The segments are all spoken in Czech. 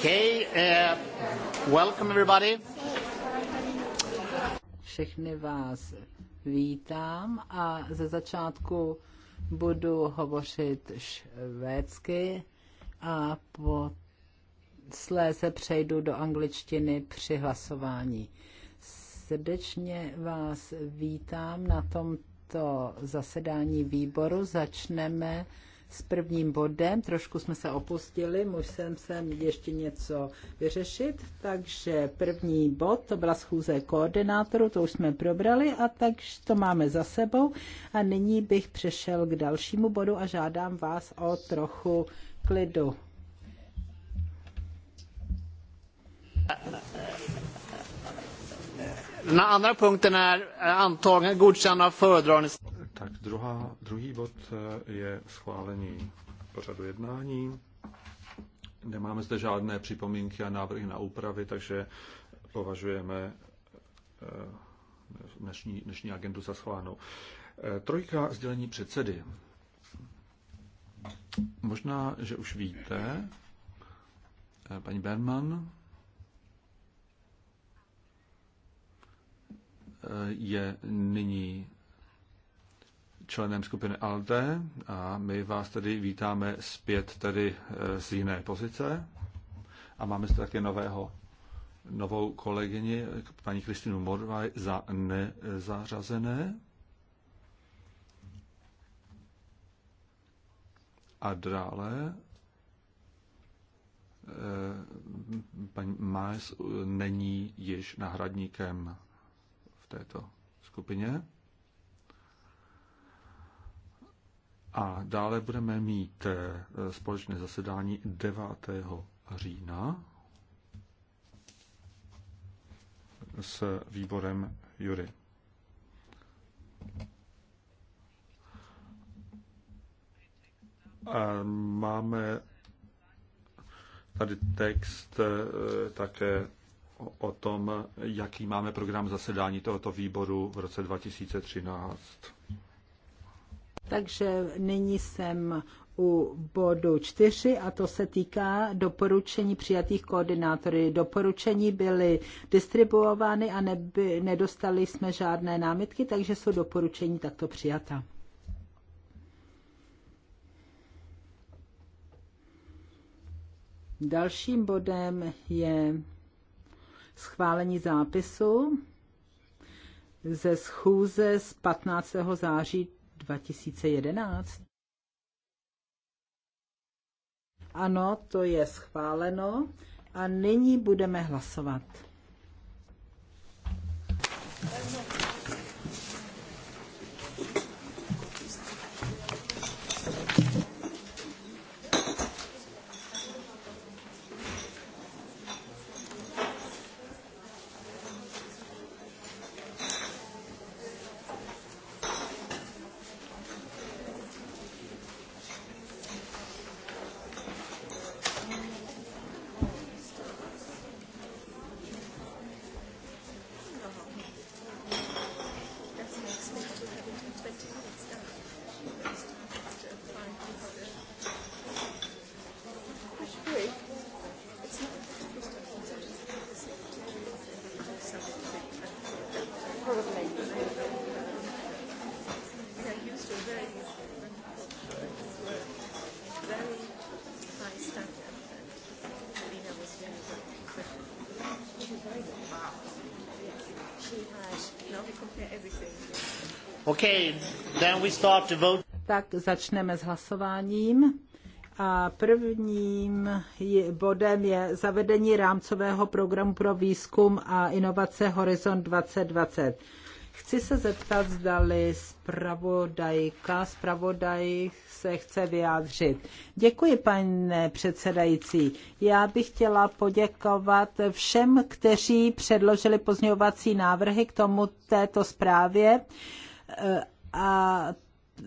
Okay, uh, welcome everybody. Všechny vás vítám a ze začátku budu hovořit švédsky a po sléze přejdu do angličtiny při hlasování. Srdečně vás vítám na tomto zasedání výboru. Začneme s prvním bodem. Trošku jsme se opustili, musím sem ještě něco vyřešit. Takže první bod, to byla schůze koordinátorů, to už jsme probrali a takže to máme za sebou. A nyní bych přešel k dalšímu bodu a žádám vás o trochu klidu. Den andra punkten är antagligen godkänna föredragningslistan. Tak druhá, druhý bod eh, je schválení pořadu jednání. Nemáme zde žádné připomínky a návrhy na úpravy, takže považujeme eh, dnešní, dnešní agendu za schválenou. Eh, trojka sdělení předsedy. Možná, že už víte, paní Berman je nyní členem skupiny ALDE a my vás tedy vítáme zpět tedy eh, z jiné pozice. A máme zde také nového, novou kolegyni, paní Kristinu Morvaj, za nezařazené. A dále eh, paní Maes není již náhradníkem v této skupině. A dále budeme mít eh, společné zasedání 9. října s výborem Jury. A máme tady text eh, také o tom, jaký máme program zasedání tohoto výboru v roce 2013. Takže nyní jsem u bodu 4 a to se týká doporučení přijatých koordinátory. Doporučení byly distribuovány a neby, nedostali jsme žádné námitky, takže jsou doporučení takto přijata. Dalším bodem je schválení zápisu ze schůze z 15. září 2011? Ano, to je schváleno. A nyní budeme hlasovat. Thank you. Okay, then we start to vote. Tak začneme s hlasováním. A prvním bodem je zavedení rámcového programu pro výzkum a inovace Horizon 2020. Chci se zeptat, zdali zpravodajka, zpravodaj se chce vyjádřit. Děkuji, pane předsedající. Já bych chtěla poděkovat všem, kteří předložili pozměňovací návrhy k tomu této zprávě a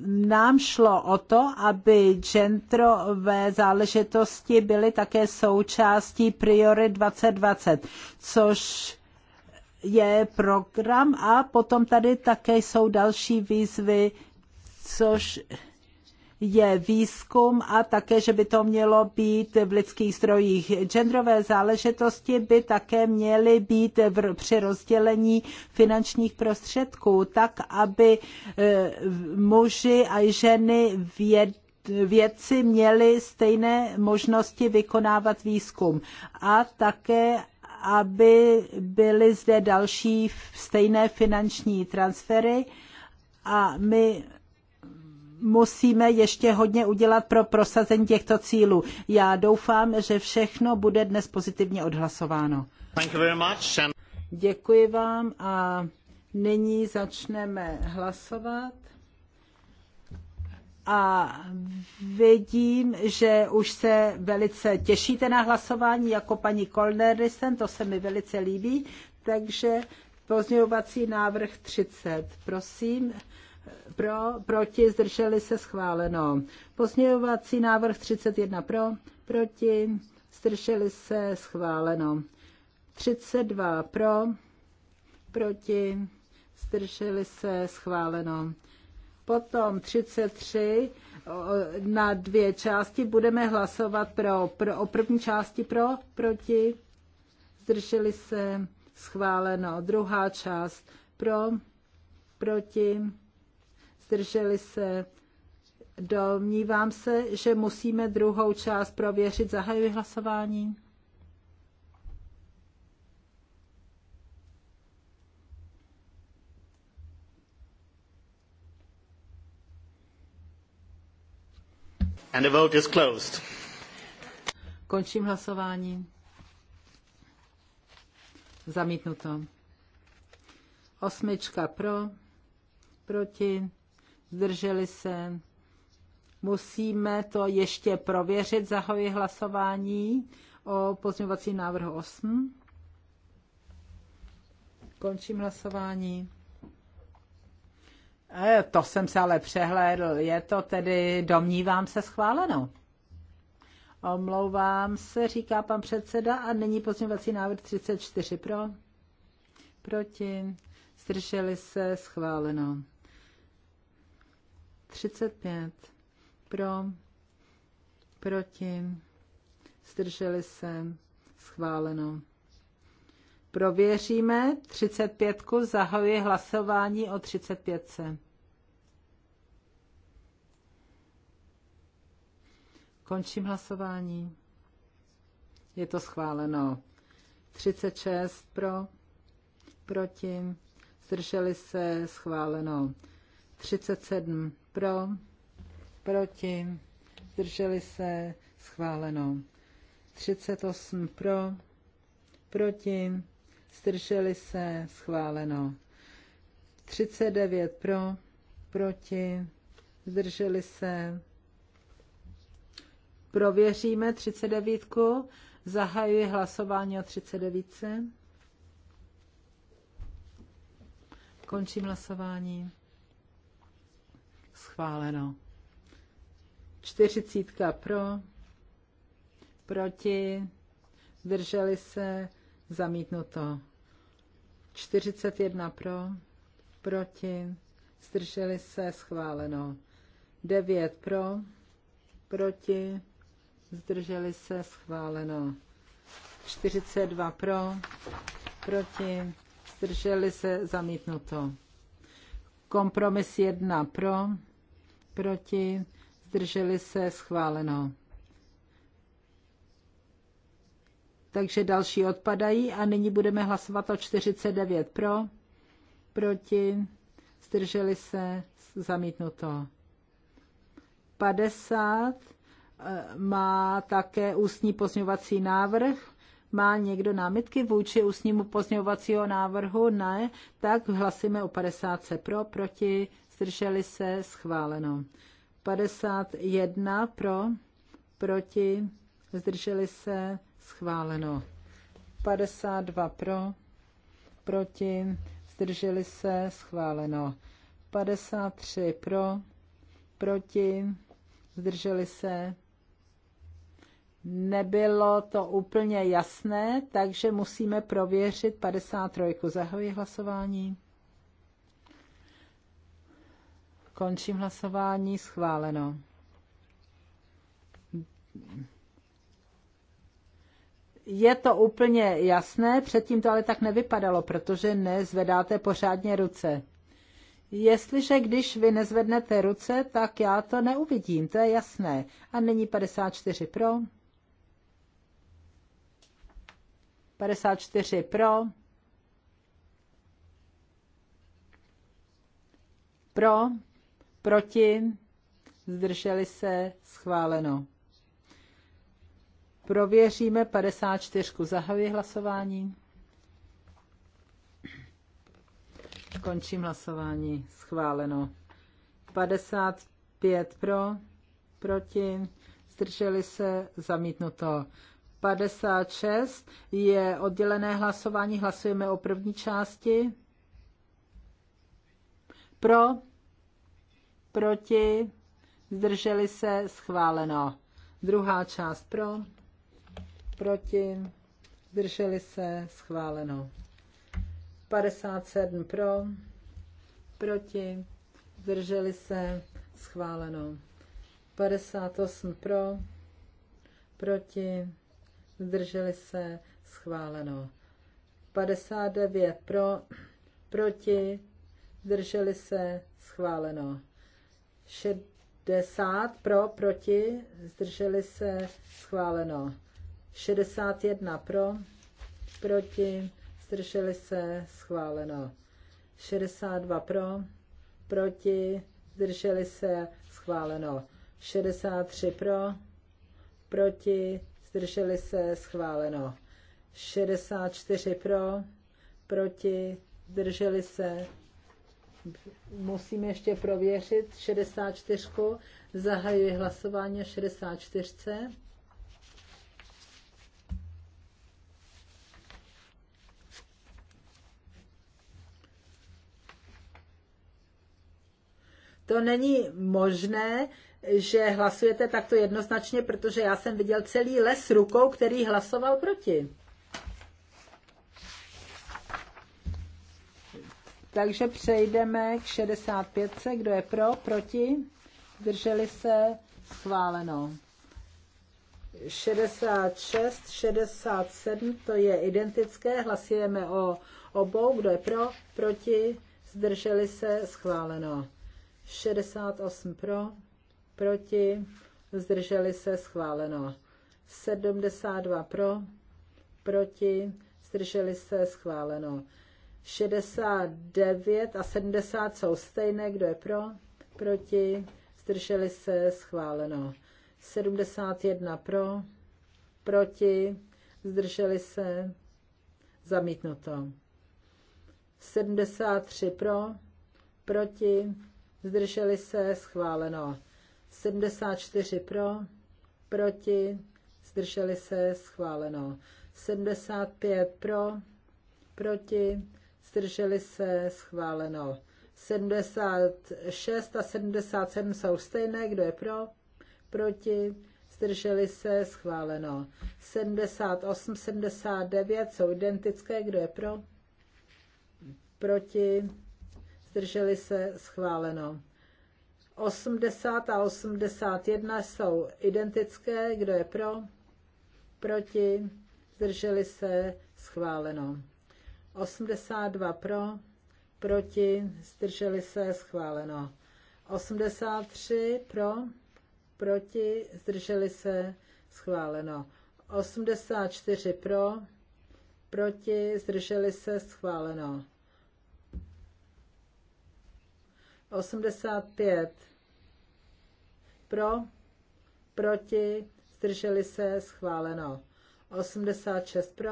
nám šlo o to, aby genderové záležitosti byly také součástí Priory 2020, což je program a potom tady také jsou další výzvy, což je výzkum a také, že by to mělo být v lidských zdrojích. Genderové záležitosti by také měly být v, při rozdělení finančních prostředků, tak aby e, muži a ženy věd vědci měli stejné možnosti vykonávat výzkum a také, aby byly zde další stejné finanční transfery a my musíme ještě hodně udělat pro prosazení těchto cílů. Já doufám, že všechno bude dnes pozitivně odhlasováno. Děkuji vám a nyní začneme hlasovat. A vidím, že už se velice těšíte na hlasování jako paní Kolnerisen, to se mi velice líbí. Takže pozměňovací návrh 30. Prosím, pro, proti, zdrželi se schváleno. Pozměňovací návrh 31 pro, proti, zdrželi se schváleno. 32 pro, proti, zdrželi se schváleno. Potom 33 na dvě části budeme hlasovat pro, pro, o první části pro, proti, zdrželi se schváleno. Druhá část pro, proti, zdrželi se. Domnívám se, že musíme druhou část prověřit. Zahajuji hlasování. And the vote is closed. Končím hlasování. Zamítnuto. Osmička pro, proti zdrželi se. Musíme to ještě prověřit. Zahoji hlasování o pozměňovací návrhu 8. Končím hlasování. E, to jsem se ale přehlédl. Je to tedy, domnívám se, schváleno. Omlouvám se, říká pan předseda a není pozměňovací návrh 34 pro. Proti. Zdrželi se, schváleno. 35 pro, proti, zdrželi se, schváleno. Prověříme 35. Zahajuji hlasování o 35. Končím hlasování. Je to schváleno. 36 pro, proti, zdrželi se, schváleno. 37 pro, proti, zdrželi se, schváleno. 38 pro, proti, zdrželi se, schváleno. 39 pro, proti, zdrželi se. Prověříme 39. Zahajuji hlasování o 39. Končím hlasování schváleno. Čtyřicítka pro, proti, zdrželi se, zamítnuto. 41 pro, proti, zdrželi se, schváleno. 9 pro, proti, zdrželi se, schváleno. 42 pro, proti, zdrželi se, zamítnuto. Kompromis 1 pro, proti, zdrželi se, schváleno. Takže další odpadají a nyní budeme hlasovat o 49 pro, proti, zdrželi se, zamítnuto. 50 eh, má také ústní pozňovací návrh. Má někdo námitky vůči ústnímu pozňovacího návrhu? Ne. Tak hlasíme o 50 pro, proti, zdrželi se, schváleno. 51 pro, proti, zdrželi se, schváleno. 52 pro, proti, zdrželi se, schváleno. 53 pro, proti, zdrželi se. Nebylo to úplně jasné, takže musíme prověřit 53. Zahoji hlasování. Končím hlasování. Schváleno. Je to úplně jasné, předtím to ale tak nevypadalo, protože nezvedáte pořádně ruce. Jestliže když vy nezvednete ruce, tak já to neuvidím, to je jasné. A není 54 pro. 54 pro. Pro proti, zdrželi se, schváleno. Prověříme 54. Zahajuji hlasování. Končím hlasování. Schváleno. 55 pro, proti, zdrželi se, zamítnuto. 56 je oddělené hlasování, hlasujeme o první části. Pro, proti, zdrželi se, schváleno. Druhá část pro, proti, zdrželi se, schváleno. 57 pro, proti, zdrželi se, schváleno. 58 pro, proti, zdrželi se, schváleno. 59 pro, proti, zdrželi se, schváleno. 60 pro, proti, zdrželi se, schváleno. 61 pro, proti, zdrželi se, schváleno. 62 pro, proti, zdrželi se, schváleno. 63 pro, proti, zdrželi se, schváleno. 64 pro, proti, zdrželi se, musíme ještě prověřit 64. Zahajuji hlasování 64. To není možné, že hlasujete takto jednoznačně, protože já jsem viděl celý les rukou, který hlasoval proti. Takže přejdeme k 65. Kdo je pro, proti? Zdrželi se? Schváleno. 66, 67, to je identické. Hlasujeme o obou. Kdo je pro, proti? Zdrželi se? Schváleno. 68 pro, proti? Zdrželi se? Schváleno. 72 pro, proti? Zdrželi se? Schváleno. 69 a 70 jsou stejné. Kdo je pro? Proti? Zdrželi se? Schváleno. 71 pro? Proti? Zdrželi se? Zamítnuto. 73 pro? Proti? Zdrželi se? Schváleno. 74 pro? Proti? Zdrželi se? Schváleno. 75 pro? Proti? zdrželi se, schváleno. 76 a 77 jsou stejné, kdo je pro, proti, zdrželi se, schváleno. 78, 79 jsou identické, kdo je pro, proti, zdrželi se, schváleno. 80 a 81 jsou identické, kdo je pro, proti, zdrželi se, schváleno. 82 pro, proti, zdrželi se, schváleno. 83 pro, proti, zdrželi se, schváleno. 84 pro, proti, zdrželi se, schváleno. 85 pro, proti, zdrželi se, schváleno. 86 pro,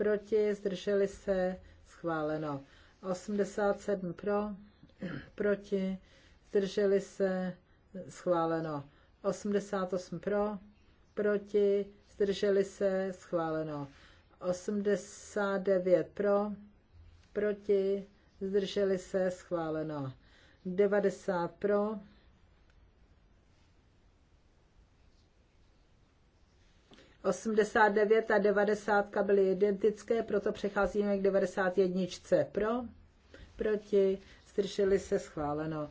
proti, zdrželi se, schváleno. 87 pro, proti, zdrželi se, schváleno. 88 pro, proti, zdrželi se, schváleno. 89 pro, proti, zdrželi se, schváleno. 90 pro, 89 a 90 byly identické, proto přecházíme k 91. Pro, proti, zdrželi se schváleno.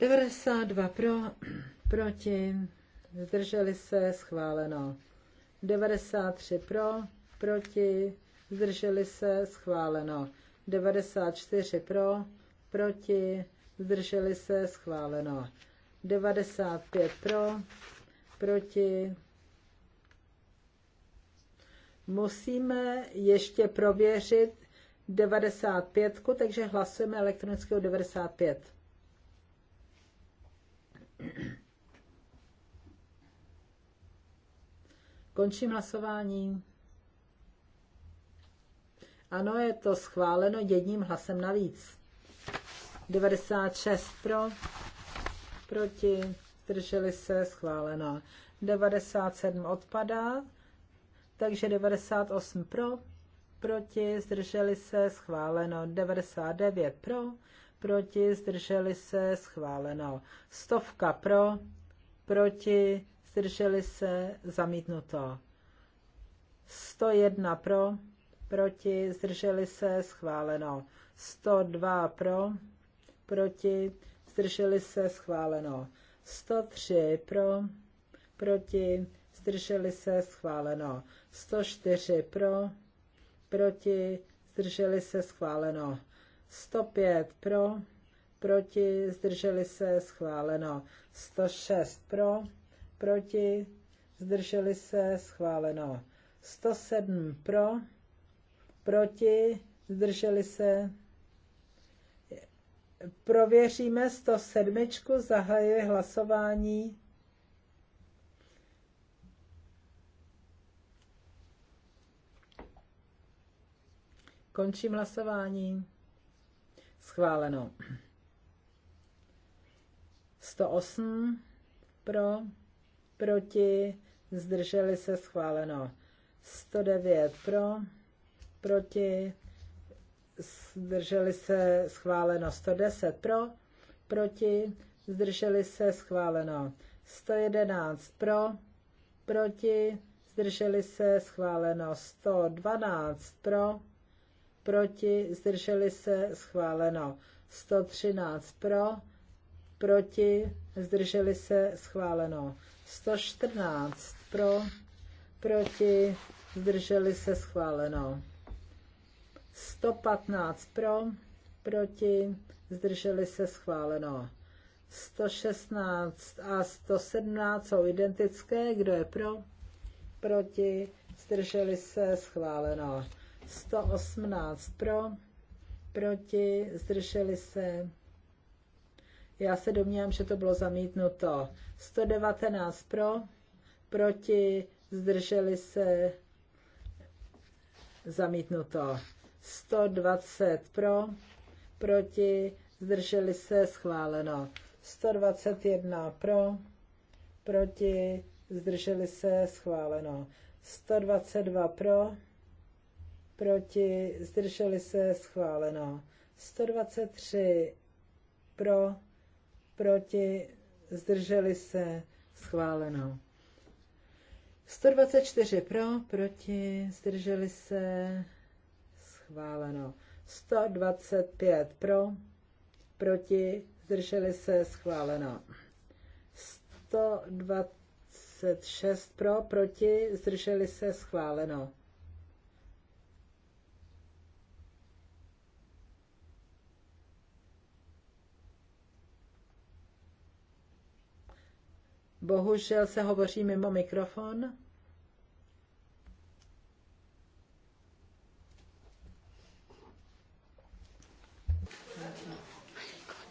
92 pro, proti, zdrželi se schváleno. 93 pro, proti, zdrželi se schváleno. 94 pro, proti, zdrželi se schváleno. 95 pro, proti, Musíme ještě prověřit 95, takže hlasujeme elektronicky 95. Končím hlasování. Ano, je to schváleno jedním hlasem navíc. 96 pro, proti, drželi se, schváleno. 97 odpadá, takže 98 pro, proti, zdrželi se, schváleno, 99 pro, proti, zdrželi se, schváleno, stovka pro, proti, zdrželi se, zamítnuto, 101 pro, proti, zdrželi se, schváleno, 102 pro, proti, zdrželi se, schváleno, 103 pro, proti, zdrželi se, schváleno. 104 pro, proti, zdrželi se, schváleno. 105 pro, proti, zdrželi se, schváleno. 106 pro, proti, zdrželi se, schváleno. 107 pro, proti, zdrželi se. Prověříme 107. Zahajuji hlasování. Končím hlasování. Schváleno. 108 pro, proti, zdrželi se schváleno. 109 pro, proti, zdrželi se schváleno. 110 pro, proti, zdrželi se schváleno. 111 pro, proti, zdrželi se schváleno. 112 pro, proti, zdrželi se, schváleno. 113 pro, proti, zdrželi se, schváleno. 114 pro, proti, zdrželi se, schváleno. 115 pro, proti, zdrželi se, schváleno. 116 a 117 jsou identické, kdo je pro, proti, zdrželi se, schváleno. 118 pro, proti, zdrželi se. Já se domnívám, že to bylo zamítnuto. 119 pro, proti, zdrželi se, zamítnuto. 120 pro, proti, zdrželi se, schváleno. 121 pro, proti, zdrželi se, schváleno. 122 pro, proti, zdrželi se, schváleno. 123 pro, proti, zdrželi se, schváleno. 124 pro, proti, zdrželi se, schváleno. 125 pro, proti, zdrželi se, schváleno. 126 pro, proti, zdrželi se, schváleno. Bohužel se hovoří mimo mikrofon.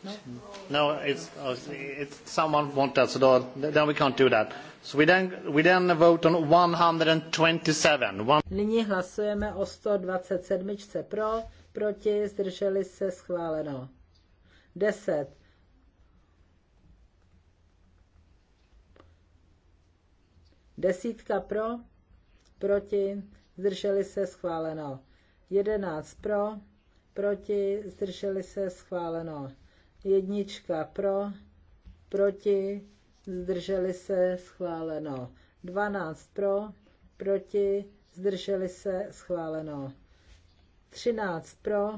No, no it's, uh, it's someone won't that, so then no, we can't do that. So we then, we then vote on 127. One... Nyní hlasujeme o 127 pro, proti, zdrželi se schváleno. 10 Desítka pro, proti, zdrželi se, schváleno. Jedenáct pro, proti, zdrželi se, schváleno. Jednička pro, proti, zdrželi se, schváleno. dvanáct pro, proti, zdrželi se, schváleno. třináct pro,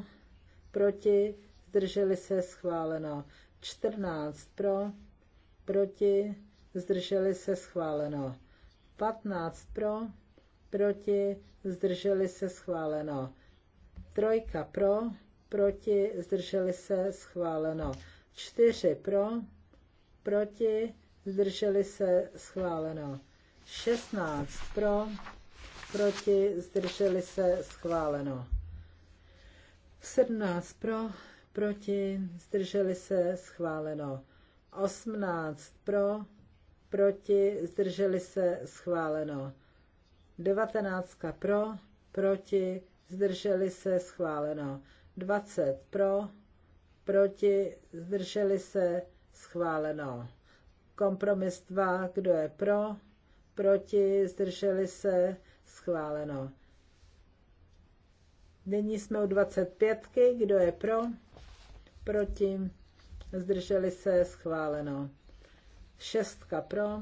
proti, zdrželi se, schváleno. 14 pro, proti, zdrželi se, schváleno. 15 pro, proti, zdrželi se schváleno. Trojka pro, proti, zdrželi se schváleno. 4 pro, proti, zdrželi se schváleno. 16 pro, proti, zdrželi se schváleno. 17 pro, proti, zdrželi se schváleno. 18 pro, proti, zdrželi se, schváleno. 19 pro, proti, zdrželi se, schváleno. 20 pro, proti, zdrželi se, schváleno. Kompromis 2, kdo je pro, proti, zdrželi se, schváleno. Nyní jsme u 25, kdo je pro, proti, zdrželi se, schváleno. Šestka pro,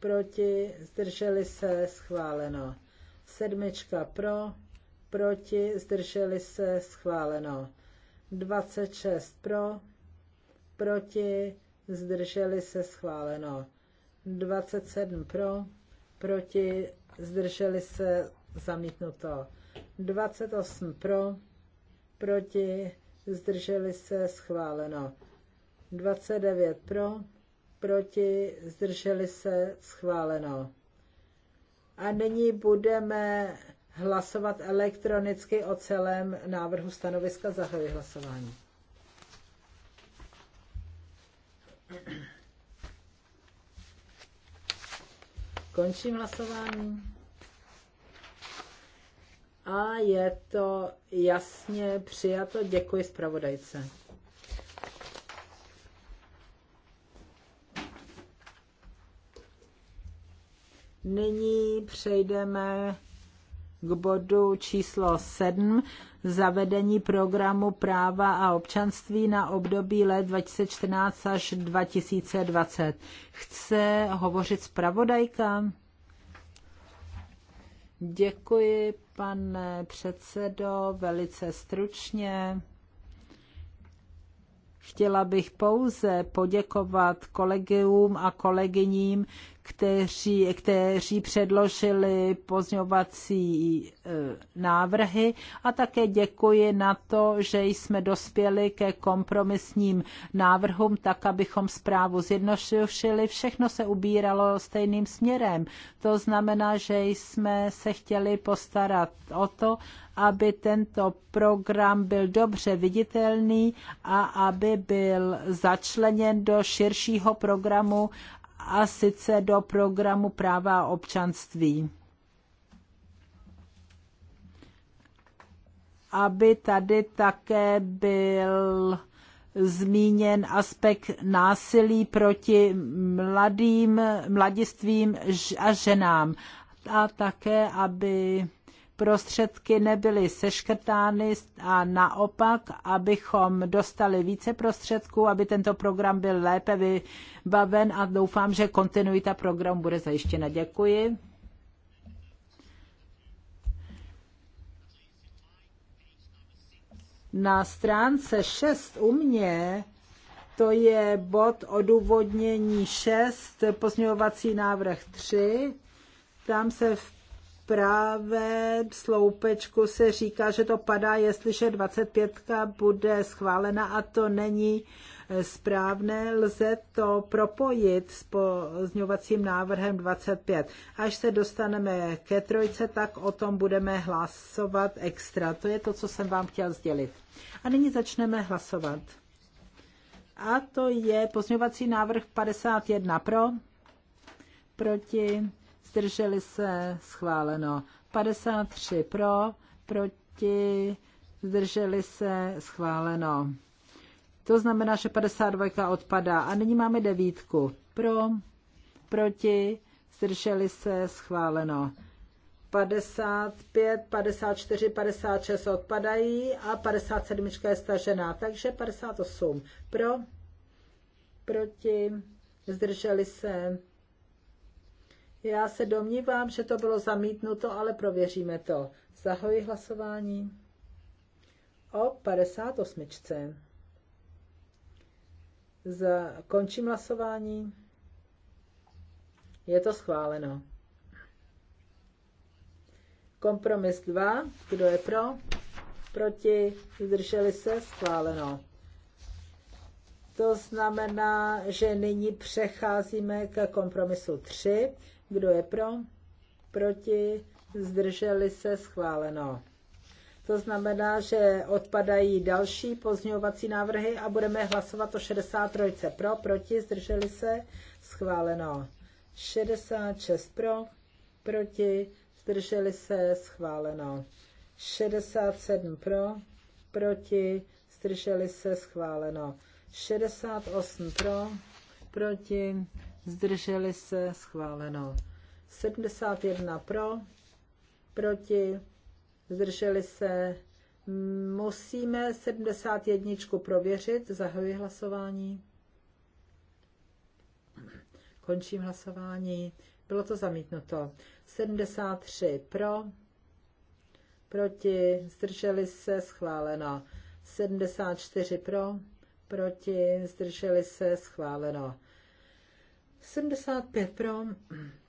proti, zdrželi se, schváleno. Sedmička pro, proti, zdrželi se, schváleno. 26 pro, proti, zdrželi se, schváleno. 27 pro, proti, zdrželi se, zamítnuto. 28 pro, proti, zdrželi se, schváleno. 29 pro, proti, zdrželi se, schváleno. A nyní budeme hlasovat elektronicky o celém návrhu stanoviska. Zahajuji hlasování. Končím hlasování. A je to jasně přijato. Děkuji zpravodajce. Nyní přejdeme k bodu číslo 7, zavedení programu práva a občanství na období let 2014 až 2020. Chce hovořit zpravodajka? Děkuji, pane předsedo, velice stručně. Chtěla bych pouze poděkovat kolegům a kolegyním, kteří, kteří předložili pozňovací e, návrhy a také děkuji na to, že jsme dospěli ke kompromisním návrhům, tak abychom zprávu zjednodušili. Všechno se ubíralo stejným směrem. To znamená, že jsme se chtěli postarat o to, aby tento program byl dobře viditelný a aby byl začleněn do širšího programu a sice do programu práva a občanství. Aby tady také byl zmíněn aspekt násilí proti mladým, mladistvím a ženám. A také, aby prostředky nebyly seškrtány a naopak, abychom dostali více prostředků, aby tento program byl lépe vybaven a doufám, že kontinuita programu bude zajištěna. Děkuji. Na stránce 6 u mě to je bod odůvodnění 6, pozměňovací návrh 3. Tam se v pravém sloupečku se říká, že to padá, jestliže 25 bude schválena a to není eh, správné, lze to propojit s pozňovacím návrhem 25. Až se dostaneme ke trojce, tak o tom budeme hlasovat extra. To je to, co jsem vám chtěl sdělit. A nyní začneme hlasovat. A to je pozňovací návrh 51 pro, proti zdrželi se, schváleno. 53 pro, proti, zdrželi se, schváleno. To znamená, že 52 odpadá. A nyní máme devítku. Pro, proti, zdrželi se, schváleno. 55, 54, 56 odpadají a 57 je stažená, takže 58 pro, proti, zdrželi se, já se domnívám, že to bylo zamítnuto, ale prověříme to. Zahoji hlasování o 58. Končím hlasování. Je to schváleno. Kompromis 2. Kdo je pro? Proti? Zdrželi se? Schváleno. To znamená, že nyní přecházíme k kompromisu 3. Kdo je pro? Proti? Zdrželi se? Schváleno. To znamená, že odpadají další pozměňovací návrhy a budeme hlasovat o 63. Pro, proti, zdrželi se, schváleno. 66 pro, proti, zdrželi se, schváleno. 67 pro, proti, zdrželi se, schváleno. 68 pro, proti, zdrželi se, schváleno. 71 pro, proti, zdrželi se, musíme 71 prověřit, zahajuji hlasování. Končím hlasování. Bylo to zamítnuto. 73 pro, proti, zdrželi se, schváleno. 74 pro, proti, zdrželi se, schváleno. 75 pro,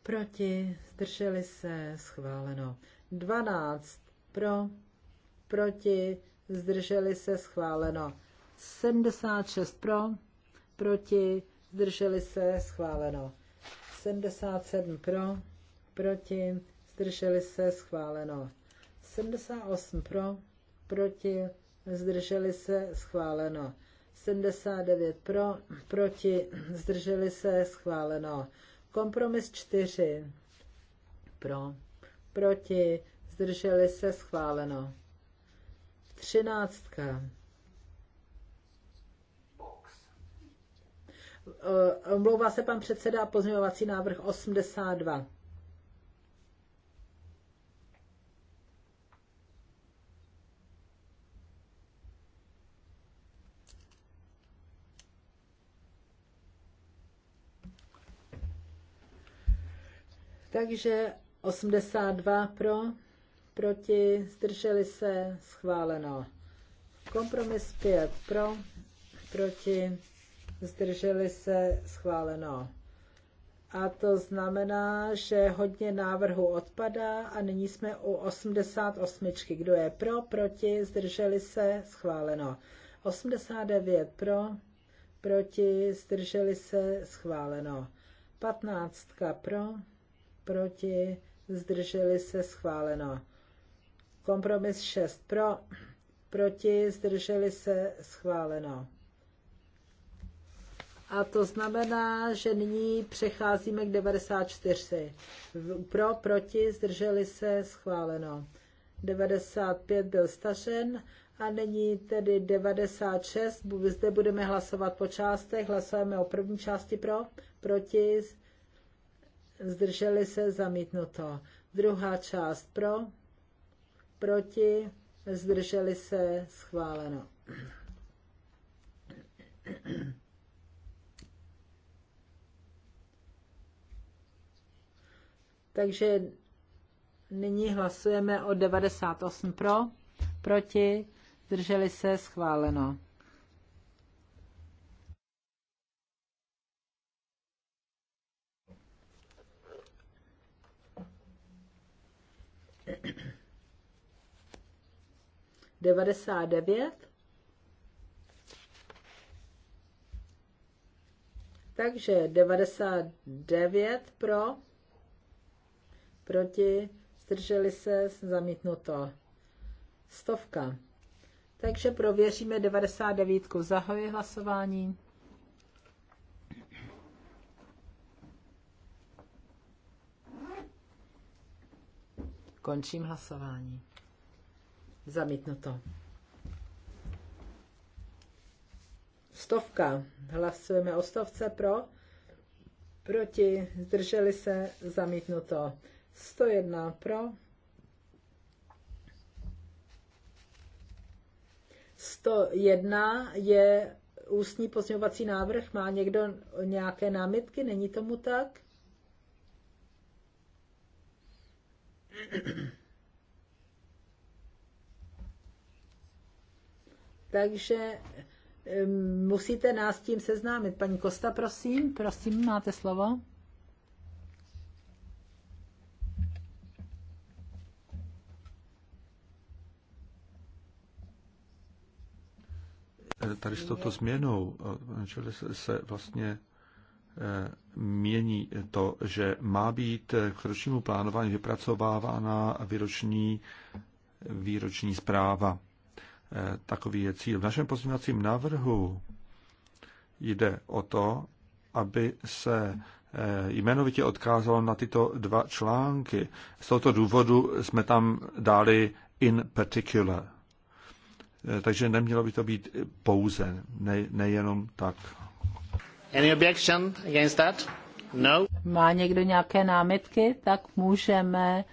proti, zdrželi se, schváleno. 12 pro, proti, zdrželi se, schváleno. 76 pro, proti, zdrželi se, schváleno. 77 pro, proti, zdrželi se, schváleno. 78 pro, proti, zdrželi se, schváleno. 79 pro, proti, zdrželi se, schváleno. Kompromis 4 pro, proti, zdrželi se, schváleno. Třináctka. Omlouvá se pan předseda pozměňovací návrh 82. Takže 82 pro, proti, zdrželi se, schváleno. Kompromis 5 pro, proti, zdrželi se, schváleno. A to znamená, že hodně návrhu odpadá a nyní jsme u 88. Kdo je pro, proti, zdrželi se, schváleno. 89 pro, proti, zdrželi se, schváleno. 15 pro, proti, zdrželi se schváleno. Kompromis 6 pro, proti, zdrželi se schváleno. A to znamená, že nyní přecházíme k 94. Pro, proti, zdrželi se, schváleno. 95 byl stažen a nyní tedy 96. Zde budeme hlasovat po částech. Hlasujeme o první části pro, proti, zdrželi se, zamítnuto. Druhá část pro, proti, zdrželi se, schváleno. Takže nyní hlasujeme o 98 pro, proti, zdrželi se, schváleno. 99. Takže 99 pro, proti, zdrželi se, zamítnuto. Stovka. Takže prověříme 99. Zahoji hlasování. Končím hlasování. Zamítnuto. Stovka. Hlasujeme o stovce pro. Proti. Zdrželi se. Zamítnuto. 101 pro. 101 je ústní pozměňovací návrh. Má někdo nějaké námitky? Není tomu tak? Takže musíte nás s tím seznámit. Paní Kosta, prosím, prosím, máte slovo. Tady s touto změnou eh, se vlastně eh, mění to, že má být k ročnímu plánování vypracovávána výroční, výroční zpráva. Takový je cíl. V našem pozměňovacím návrhu jde o to, aby se eh, jmenovitě odkázalo na tyto dva články. Z tohoto důvodu jsme tam dali in particular. Eh, takže nemělo by to být pouze, ne, nejenom tak. Any objection against that? No. Má někdo nějaké námitky? Tak můžeme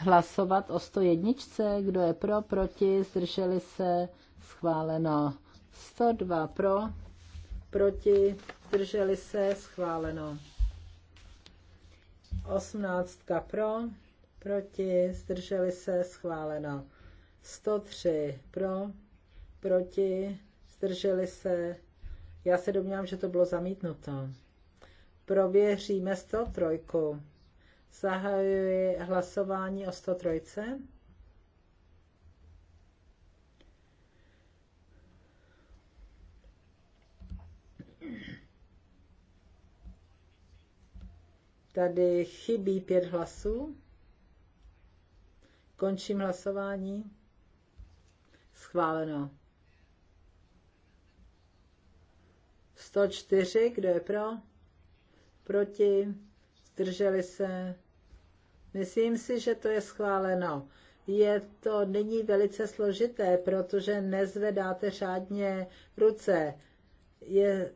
hlasovat o 101. Kdo je pro, proti, zdrželi se, schváleno. 102 pro, proti, zdrželi se, schváleno. 18 pro, proti, zdrželi se, schváleno. 103 pro, proti, zdrželi se. Já se domnívám, že to bylo zamítnuto. Prověříme 103. Zahajuji hlasování o 103. Tady chybí pět hlasů. Končím hlasování. Schváleno. 104, kdo je pro? Proti? zdrželi se. Myslím si, že to je schváleno. Je to nyní velice složité, protože nezvedáte řádně ruce. Je,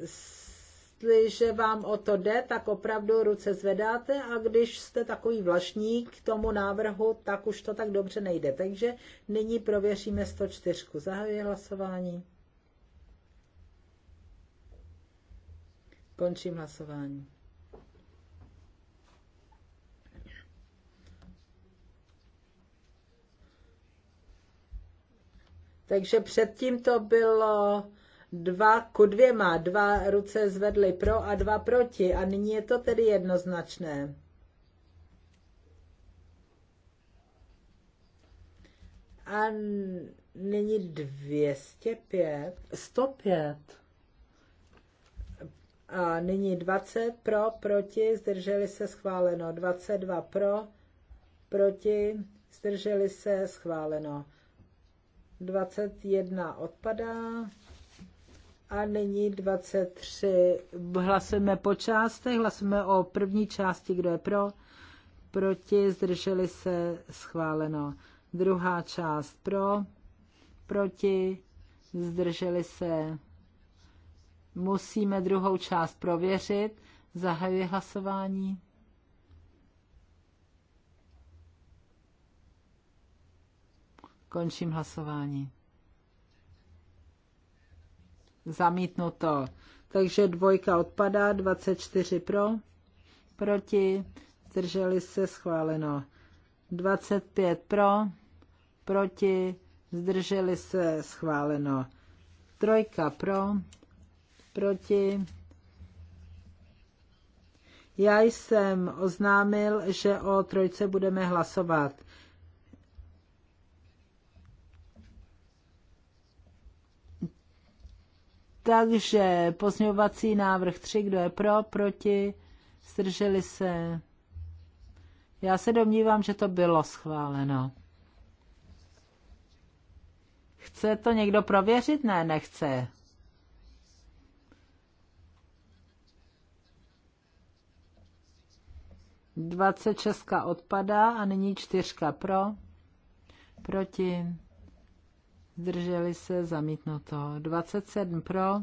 jestliže vám o to jde, tak opravdu ruce zvedáte a když jste takový vlašník k tomu návrhu, tak už to tak dobře nejde. Takže nyní prověříme 104. Zahajuji hlasování. Končím hlasování. Takže předtím to bylo dva ku dvěma, dva ruce zvedly pro a dva proti a nyní je to tedy jednoznačné. A nyní 205, 105. A nyní 20 pro, proti, zdrželi se schváleno. 22 pro, proti, zdrželi se schváleno. 21 odpadá. A nyní 23. Hlasujeme po částech, hlasujeme o první části, kdo je pro, proti, zdrželi se, schváleno. Druhá část pro, proti, zdrželi se. Musíme druhou část prověřit. Zahajuji hlasování. Končím hlasování. Zamítnuto. Takže dvojka odpadá, 24 pro, proti, zdrželi se, schváleno. 25 pro, proti, zdrželi se, schváleno. Trojka pro, proti. Já jsem oznámil, že o trojce budeme hlasovat. Takže pozměňovací návrh 3, kdo je pro, proti, zdrželi se. Já se domnívám, že to bylo schváleno. Chce to někdo prověřit? Ne, nechce. Dvacet odpadá a nyní čtyřka pro, proti zdrželi se, zamítnuto. 27 pro,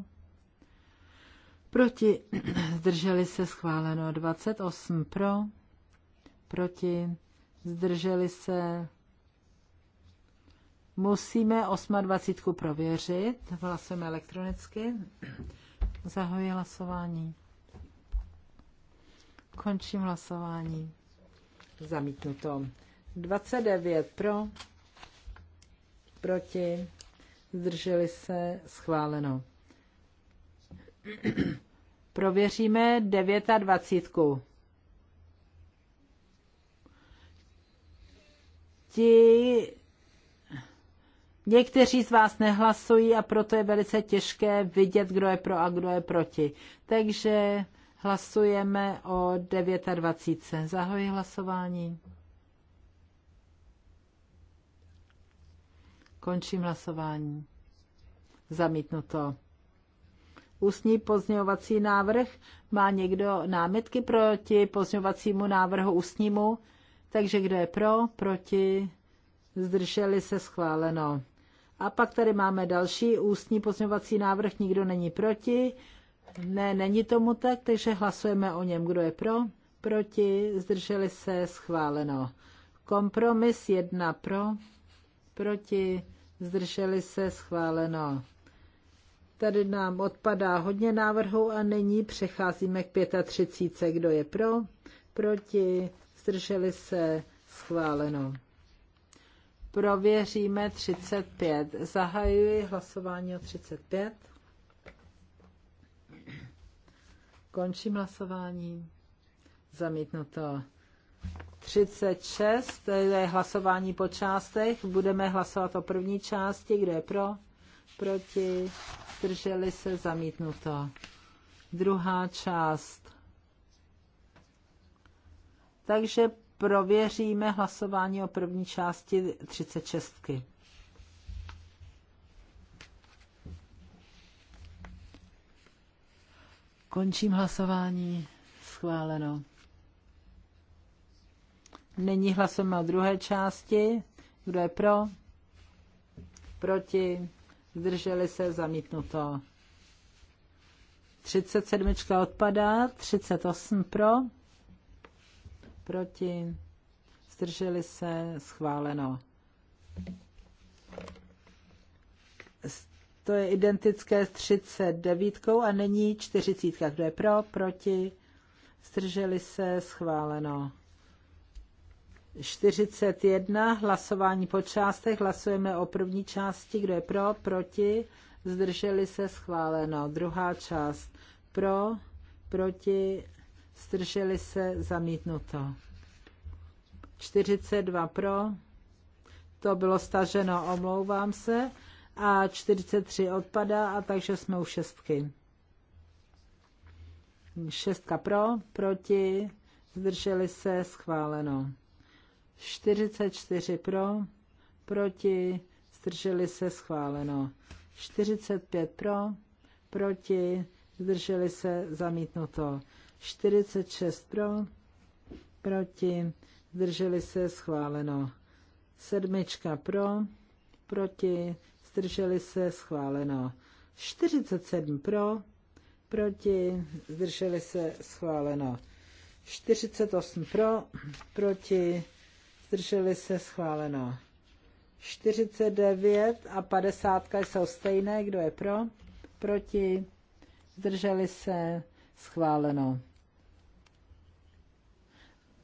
proti, zdrželi se, schváleno. 28 pro, proti, zdrželi se. Musíme 28 prověřit, hlasujeme elektronicky. Zahoji hlasování. Končím hlasování. Zamítnuto. 29 pro, proti, zdrželi se, schváleno. Prověříme 29. Ti Někteří z vás nehlasují a proto je velice těžké vidět, kdo je pro a kdo je proti. Takže hlasujeme o 29. Zahoji hlasování. Končím hlasování. Zamítnuto. Ústní pozňovací návrh. Má někdo námitky proti pozňovacímu návrhu ústnímu? Takže kdo je pro, proti, zdrželi se schváleno. A pak tady máme další ústní pozňovací návrh, nikdo není proti. Ne, není tomu tak, takže hlasujeme o něm. Kdo je pro? Proti, zdrželi se, schváleno. Kompromis jedna pro, proti, zdrželi se, schváleno. Tady nám odpadá hodně návrhů a nyní přecházíme k 35. Kdo je pro? Proti? Zdrželi se? Schváleno. Prověříme 35. Zahajuji hlasování o 35. Končím hlasování. Zamítnuto. 36, to je hlasování po částech. Budeme hlasovat o první části, Kdo je pro, proti, zdrželi se, zamítnuto. Druhá část. Takže prověříme hlasování o první části 36. Končím hlasování. Schváleno. Není hlasujeme o druhé části. Kdo je pro? Proti? Zdrželi se? Zamítnuto. 37 odpadá, 38 pro, proti, zdrželi se, schváleno. To je identické s 39 a není 40. Kdo je pro, proti, zdrželi se, schváleno. 41, hlasování po částech, hlasujeme o první části, kdo je pro, proti, zdrželi se, schváleno. Druhá část, pro, proti, zdrželi se, zamítnuto. 42 pro, to bylo staženo, omlouvám se, a 43 odpadá, a takže jsme u šestky. Šestka pro, proti, zdrželi se, schváleno. 44 pro, proti, zdrželi se schváleno. 45 pro, proti, zdrželi se zamítnuto. 46 pro, proti, zdrželi se schváleno. Sedmička pro, proti, zdrželi se schváleno. 47 pro, proti, zdrželi se schváleno. 48 pro, proti, zdrželi se schváleno. 49 a 50 jsou stejné, kdo je pro, proti, zdrželi se schváleno.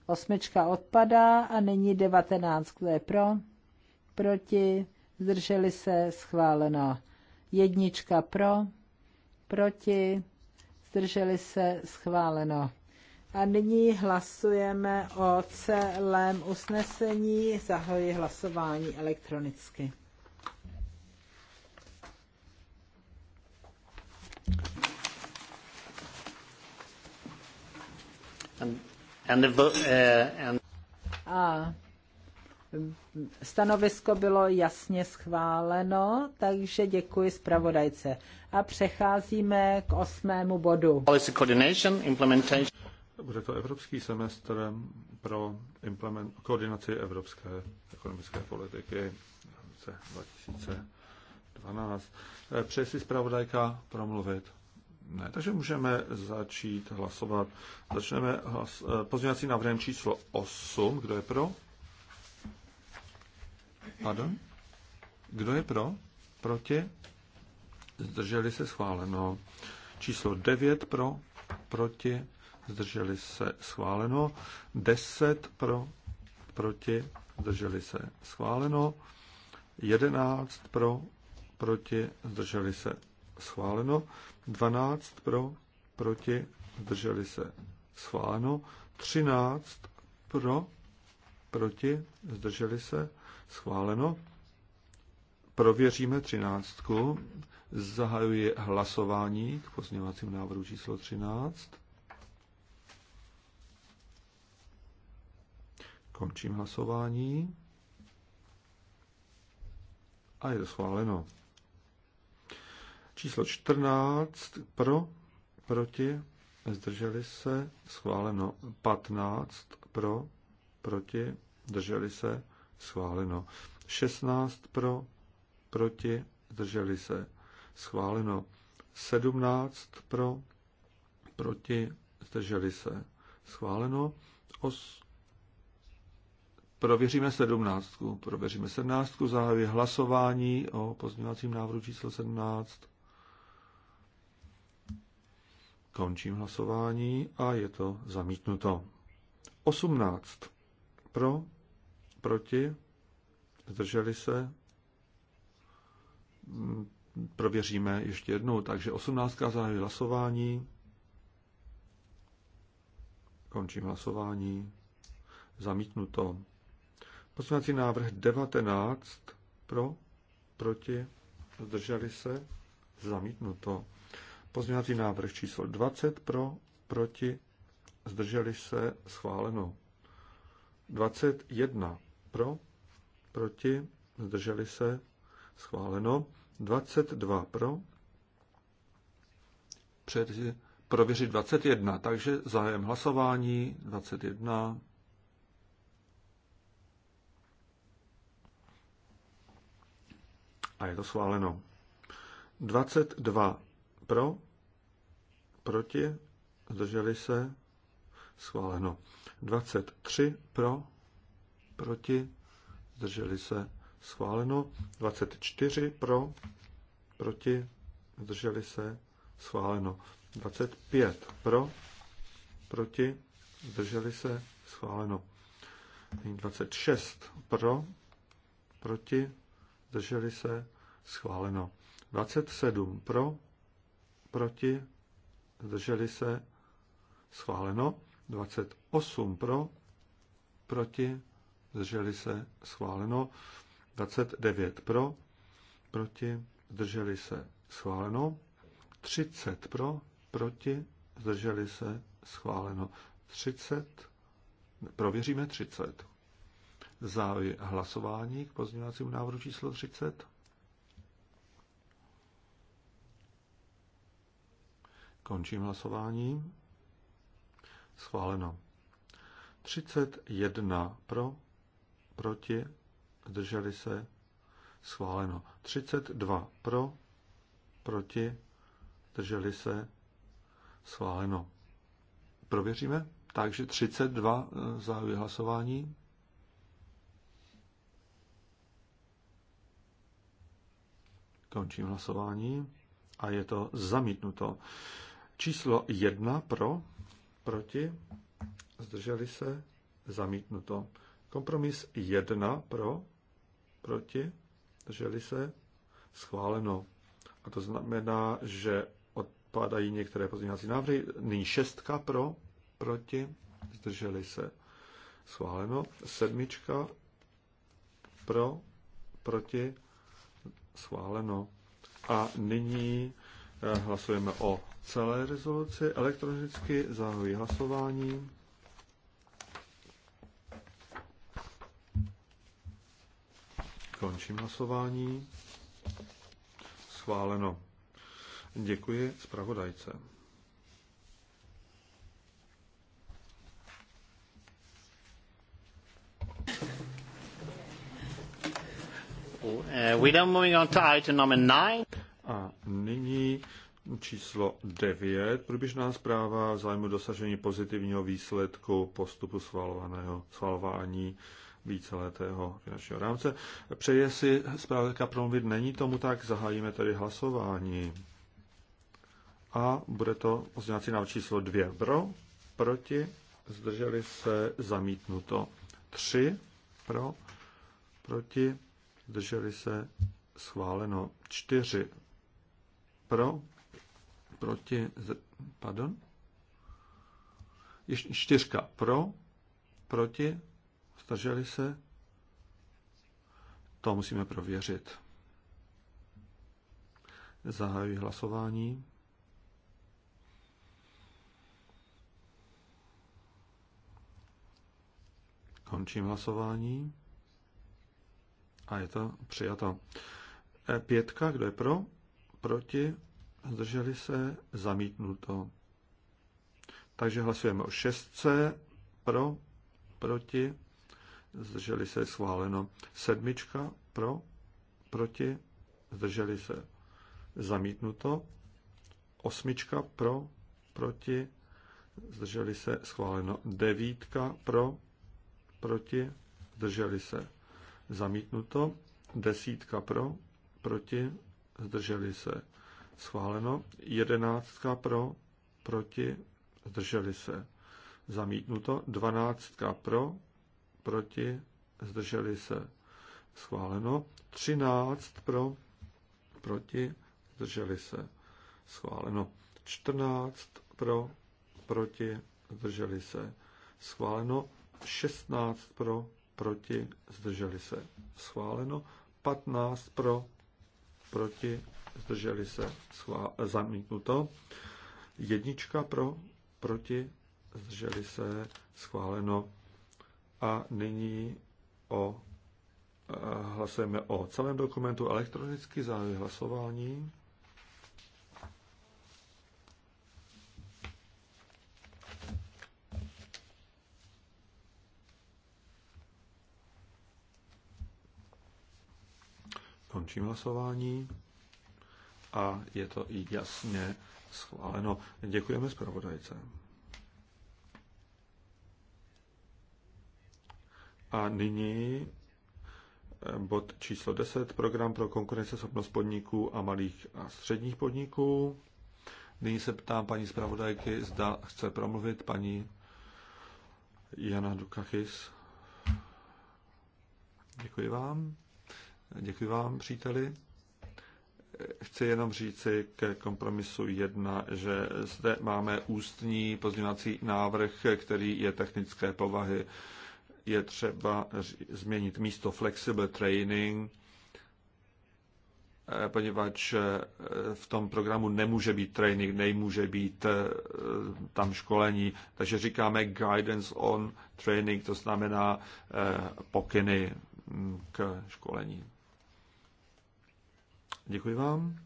Osmička odpadá a nyní 19, kdo je pro, proti, zdrželi se schváleno. Jednička pro, proti, zdrželi se schváleno. A nyní hlasujeme o celém usnesení. Zahajuji hlasování elektronicky. And, and the, uh, and... A stanovisko bylo jasně schváleno, takže děkuji zpravodajce. A přecházíme k osmému bodu. Policy coordination, implementation. Bude to evropský semestr pro implement, koordinaci evropské ekonomické politiky v roce 2012. Eh, přeje si zpravodajka promluvit? Ne, takže můžeme začít hlasovat. Začneme hlas, eh, pozměňovací návrhem číslo 8. Kdo je pro? Pardon? Kdo je pro? Proti? Zdrželi se schváleno. Číslo 9 pro, proti, zdrželi se schváleno, 10 pro, proti, zdrželi se schváleno, 11 pro, proti, zdrželi se schváleno, 12 pro, proti, zdrželi se schváleno, 13 pro, proti, zdrželi se schváleno. Prověříme třináctku. Zahajuji hlasování k pozměňovacím návrhu číslo 13. Končím hlasování. A je to schváleno. Číslo 14 pro, proti, zdrželi se, schváleno. 15 pro, proti, zdrželi se, schváleno. 16 pro, proti, zdrželi se, schváleno. 17 pro, proti, zdrželi se, schváleno. Prověříme sedmnáctku. Prověříme sedmnáctku, zahajuje hlasování o pozměňovacím návrhu číslo 17. Končím hlasování a je to zamítnuto. 18. Pro, proti, zdrželi se. Mm, prověříme ještě jednou. Takže 18. zahajuje hlasování. Končím hlasování. Zamítnuto. Poslanecí návrh 19 pro, proti, zdrželi se, zamítnuto. Pozměňovací návrh číslo 20 pro, proti, zdrželi se, schváleno. 21 pro, proti, zdrželi se, schváleno. 22 pro, před, prověřit 21, takže zájem hlasování 21. A je to schváleno. 22 pro, proti, zdrželi se, schváleno. 23 pro, proti, zdrželi se, schváleno. 24 pro, proti, zdrželi se, schváleno. 25 pro, proti, zdrželi se, schváleno. 26 pro, proti, zdrželi se, schváleno. 27 pro, proti, zdrželi se, schváleno. 28 pro, proti, zdrželi se, schváleno. 29 pro, proti, zdrželi se, schváleno. 30 pro, proti, zdrželi se, schváleno. 30, prověříme 30. Závěr hlasování k pozměňovacímu návrhu číslo 30. Končím hlasování. Schváleno. 31 pro, proti, zdrželi se, schváleno. 32 pro, proti, zdrželi se, schváleno. Prověříme? Takže 32 eh, za hlasování. Končím hlasování a je to zamítnuto. Číslo jedna pro, proti, zdrželi se, zamítnuto. Kompromis jedna pro, proti, zdrželi se, schváleno. A to znamená, že odpadají některé pozměňovací návrhy. Nyní šestka pro, proti, zdrželi se, schváleno. Sedmička pro, proti, schváleno. A nyní Hlasujeme o celé rezoluci elektronicky. Zahajuji hlasování. Končím hlasování. Schváleno. Děkuji zpravodajce. Uh, we are moving on to item number nine. A nyní číslo 9. Průběžná zpráva v zájmu dosažení pozitivního výsledku postupu schvalovaného, schvalování víceletého finančního rámce. Přeje si zpráva promluvit, není tomu tak, zahájíme tedy hlasování. A bude to pozměňovací návrh číslo 2 pro, proti, zdrželi se, zamítnuto. 3 pro, proti, zdrželi se, schváleno. 4 pro, proti, pardon, čtyřka pro, proti, zdrželi se, to musíme prověřit. Zahajuji hlasování. Končím hlasování. A je to přijato. E, pětka, kdo je pro? proti, zdrželi se, zamítnuto. Takže hlasujeme o šestce, pro, proti, zdrželi se, schváleno. Sedmička, pro, proti, zdrželi se, zamítnuto. Osmička, pro, proti, zdrželi se, schváleno. Devítka, pro, proti, zdrželi se, zamítnuto. Desítka pro, proti, zdrželi se. Schváleno. Jedenáctka pro, proti, zdrželi se. Zamítnuto. Dvanáctka pro, proti, zdrželi se. Schváleno. Třináct pro, proti, zdrželi se. Schváleno. Čtrnáct pro, proti, zdrželi se. Schváleno. Šestnáct pro, proti, zdrželi se. Schváleno. 15 pro, proti, zdrželi se schvá, zamítnuto. Jednička pro, proti, zdrželi se schváleno. A nyní o, eh, hlasujeme o celém dokumentu elektronicky závěr hlasování. Končím hlasování a je to i jasně schváleno. Děkujeme zpravodajce. A nyní eh, bod číslo 10, program pro konkurenceschopnost podniků a malých a středních podniků. Nyní se ptám paní zpravodajky, zda chce promluvit paní Jana Dukachis. Děkuji vám. Děkuji vám, příteli. Chci jenom říci ke kompromisu jedna, že zde máme ústní pozměňovací návrh, který je technické povahy. Je třeba změnit místo flexible training, eh, poněvadž eh, v tom programu nemůže být training, nemůže být eh, tam školení. Takže říkáme guidance on training, to znamená pokyny mm, k školení. Děkuji vám.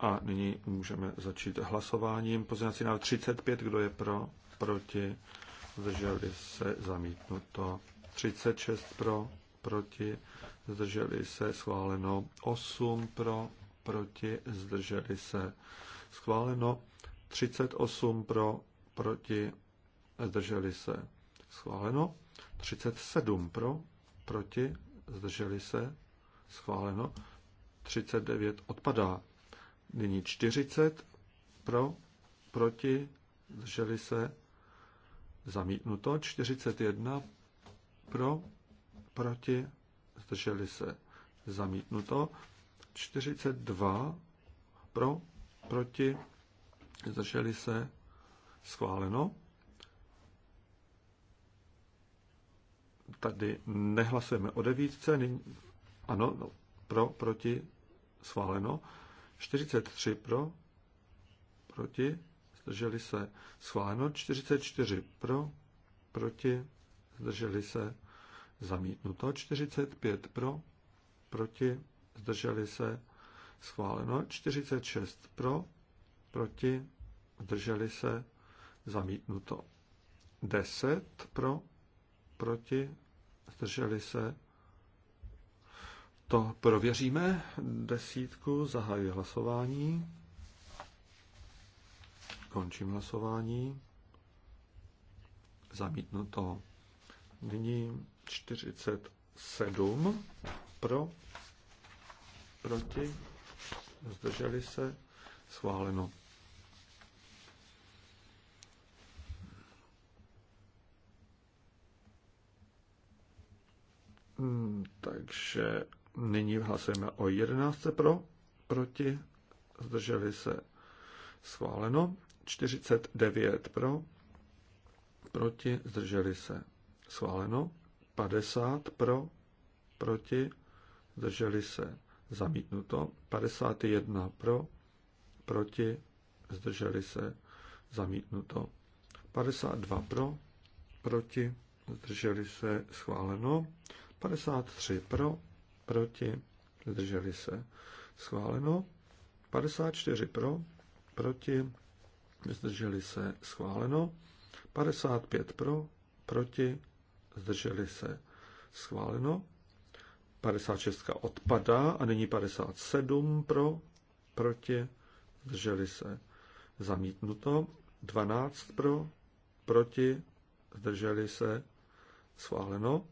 A nyní můžeme začít hlasováním. Pozměňovací návrh 35, kdo je pro, proti, zdrželi se, zamítnuto. 36 pro, proti, zdrželi se, schváleno. 8 pro, proti, zdrželi se, schváleno. 38 pro, proti, zdrželi se, schváleno. 37 pro, proti, zdrželi se, schváleno. 39 odpadá. Nyní 40 pro, proti, zdrželi se, zamítnuto. 41 pro, proti, zdrželi se, zamítnuto. 42 pro, proti, zdrželi se, schváleno. Tady nehlasujeme o devítce, nyní ano, no, pro, proti, schváleno. 43 pro, proti, zdrželi se, schváleno. 44 pro, proti, zdrželi se, zamítnuto. 45 pro, proti, zdrželi se, schváleno. 46 pro, proti, zdrželi se, zamítnuto. 10 pro, proti, zdrželi se, to prověříme. Desítku zahajuje hlasování. Končím hlasování. Zamítnuto. Nyní 47 pro, proti, zdrželi se, schváleno. Hmm, takže Nyní hlasujeme o 11 pro, proti, zdrželi se schváleno, 49 pro, proti, zdrželi se schváleno, 50 pro, proti, zdrželi se zamítnuto, 51 pro, proti, zdrželi se zamítnuto, 52 pro, proti, zdrželi se schváleno, 53 pro, proti, zdrželi se, schváleno. 54 pro, proti, zdrželi se, schváleno. 55 pro, proti, zdrželi se, schváleno. 56 odpadá a nyní 57 pro, proti, zdrželi se, zamítnuto. 12 pro, proti, zdrželi se, schváleno.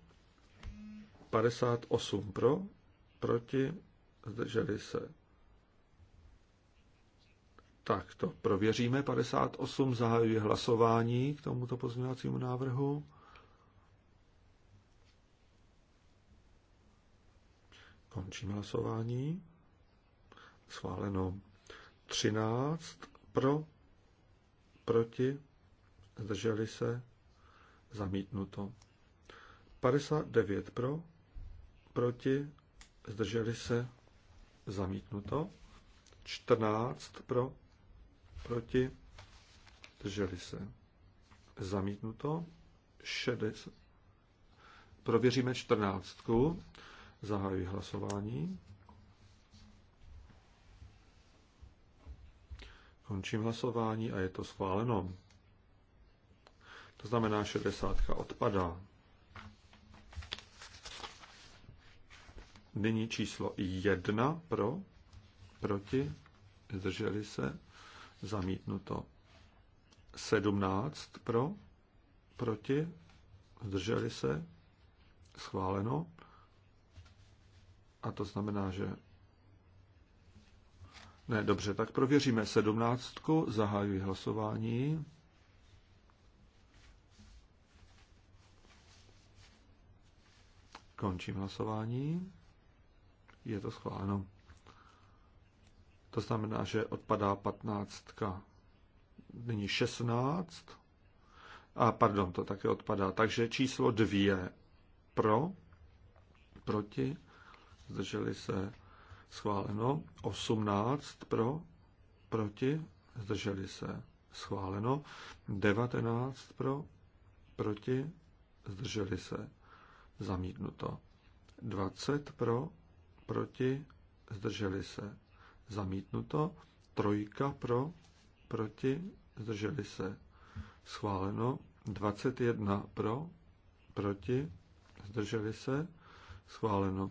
58 pro, proti, zdrželi se. Tak to prověříme. 58 zahajuje hlasování k tomuto pozměňovacímu návrhu. Končím hlasování. Schváleno 13 pro, proti, zdrželi se, zamítnuto. 59 pro, proti, zdrželi se, zamítnuto. 14 pro, proti, zdrželi se, zamítnuto. 60. Prověříme 14. Zahajuji hlasování. Končím hlasování a je to schváleno. To znamená, že desátka odpadá. Nyní číslo 1 pro, proti, zdrželi se, zamítnuto. 17 pro, proti, zdrželi se, schváleno. A to znamená, že ne, dobře, tak prověříme sedmnáctku, zahajuji hlasování. Končím hlasování je to schváleno. To znamená, že odpadá 15, nyní 16, a pardon, to také odpadá. Takže číslo 2 pro, proti, zdrželi se schváleno, 18 pro, proti, zdrželi se schváleno, 19 pro, proti, zdrželi se zamítnuto, 20 pro, proti, zdrželi se, zamítnuto, trojka pro, proti, zdrželi se, schváleno, 21 pro, proti, zdrželi se, schváleno,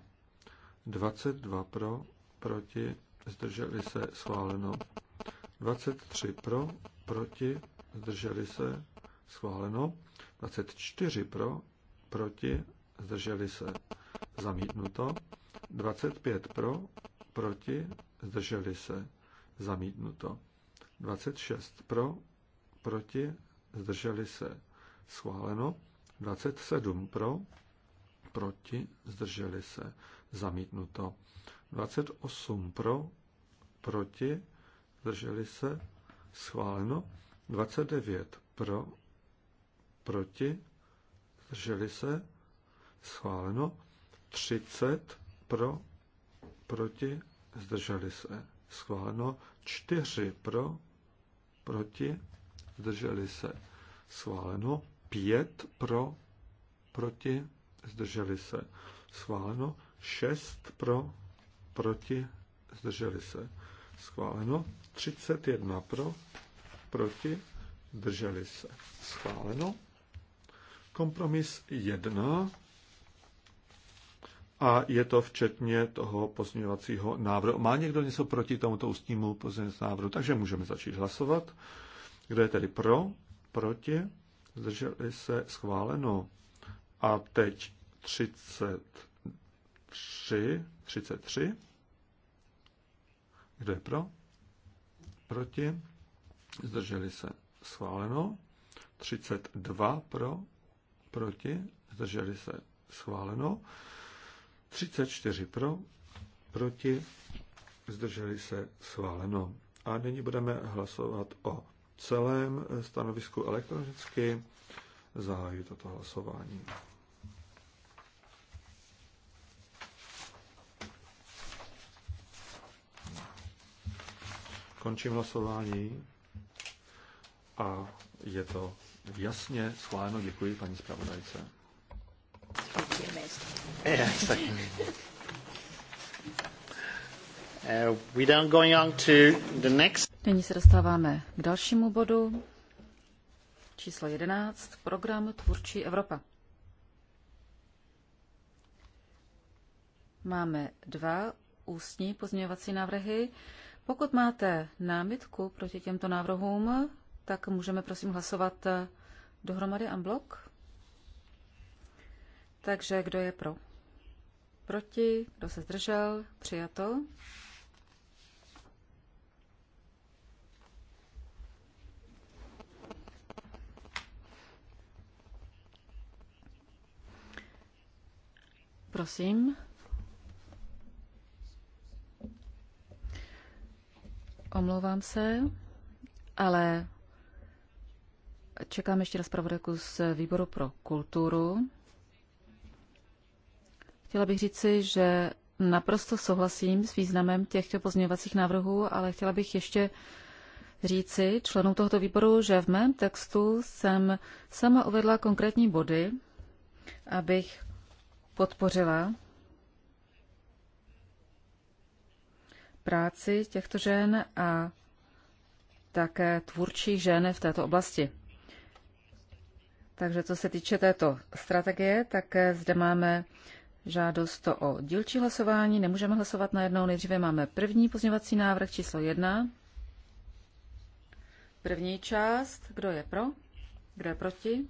22 pro, proti, zdrželi se, schváleno, 23 pro, proti, zdrželi se, schváleno, 24 pro, proti, zdrželi se, zamítnuto, 25 pro, proti, zdrželi se, zamítnuto. 26 pro, proti, zdrželi se, schváleno. 27 pro, proti, zdrželi se, zamítnuto. 28 pro, proti, zdrželi se, schváleno. 29 pro, proti, zdrželi se, schváleno. 30 pro, proti, zdrželi se. Schváleno. čtyři pro, proti, zdrželi se. Schváleno. pět pro, proti, zdrželi se. Schváleno. šest pro, proti, zdrželi se. Schváleno. jedna pro, proti, zdrželi se. Schváleno. Kompromis jedna a je to včetně toho pozměňovacího návrhu. Má někdo něco proti tomuto ústnímu pozměňovacímu návrhu? Takže můžeme začít hlasovat. Kdo je tedy pro, proti, zdrželi se schváleno. A teď 33, 33. Kdo je pro? Proti? Zdrželi se. Schváleno. 32 pro, proti, zdrželi se. Schváleno. 34 pro, proti, zdrželi se schváleno. A nyní budeme hlasovat o celém stanovisku elektronicky. Zahájí toto hlasování. Končím hlasování a je to jasně schváleno. Děkuji paní zpravodajce be amazed. Yeah, exactly. uh, we then going on to the next. Nyní se dostáváme k dalšímu bodu, číslo 11, program Tvůrčí Evropa. Máme dva ústní pozměňovací návrhy. Pokud máte námitku proti těmto návrhům, tak můžeme prosím hlasovat dohromady en bloc. Takže kdo je pro? Proti? Kdo se zdržel? Přijato. Prosím. Omlouvám se, ale čekám ještě na zpravodajku z výboru pro kulturu. Chtěla bych říci, že naprosto souhlasím s významem těchto pozměňovacích návrhů, ale chtěla bych ještě říci členům tohoto výboru, že v mém textu jsem sama uvedla konkrétní body, abych podpořila práci těchto žen a také tvůrčí žen v této oblasti. Takže co se týče této strategie, tak zde máme žádost to o dílčí hlasování. Nemůžeme hlasovat najednou. Nejdříve máme první pozměňovací návrh číslo 1. První část. Kdo je pro? Kdo je proti?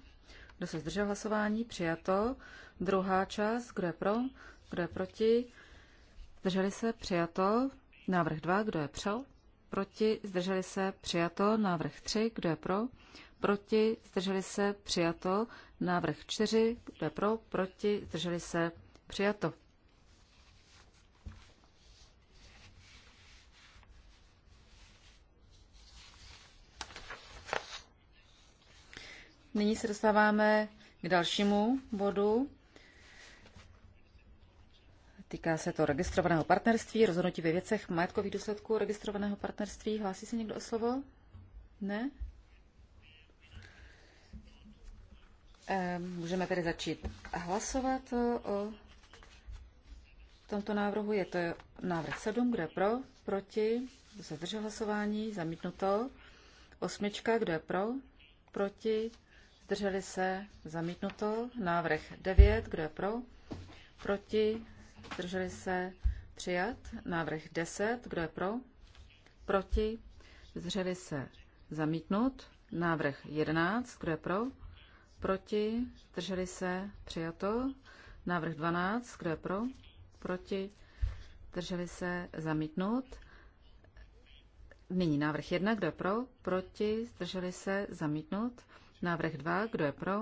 Kdo se zdržel hlasování? Přijato. Druhá část. Kdo je pro? Kdo je proti? Zdrželi se? Přijato. Návrh 2. Kdo je pro? Proti? Zdrželi se? Přijato. Návrh 3. Kdo je pro? Proti? Zdrželi se? Přijato. Návrh 4. Kdo je pro? Proti? Zdrželi se? Přijato. Nyní se dostáváme k dalšímu bodu. Týká se to registrovaného partnerství, rozhodnutí ve věcech majetkových důsledků registrovaného partnerství. Hlásí se někdo o slovo? Ne? Můžeme tedy začít hlasovat o tomto návrhu. Je to návrh 7, kdo je pro, proti, kdo se zdržel hlasování, zamítnuto. Osmička, kdo je pro, proti, zdrželi se, zamítnuto. Návrh 9, kdo je pro, proti, zdrželi se, přijat. Návrh 10, kdo je pro, proti, zdrželi se, zamítnut. Návrh 11, kdo je pro, proti, zdrželi se, přijato. Návrh 12, kdo je pro, proti, drželi se zamítnout. Nyní návrh 1, kdo je pro, proti, drželi se zamítnout. Návrh 2, kdo je pro,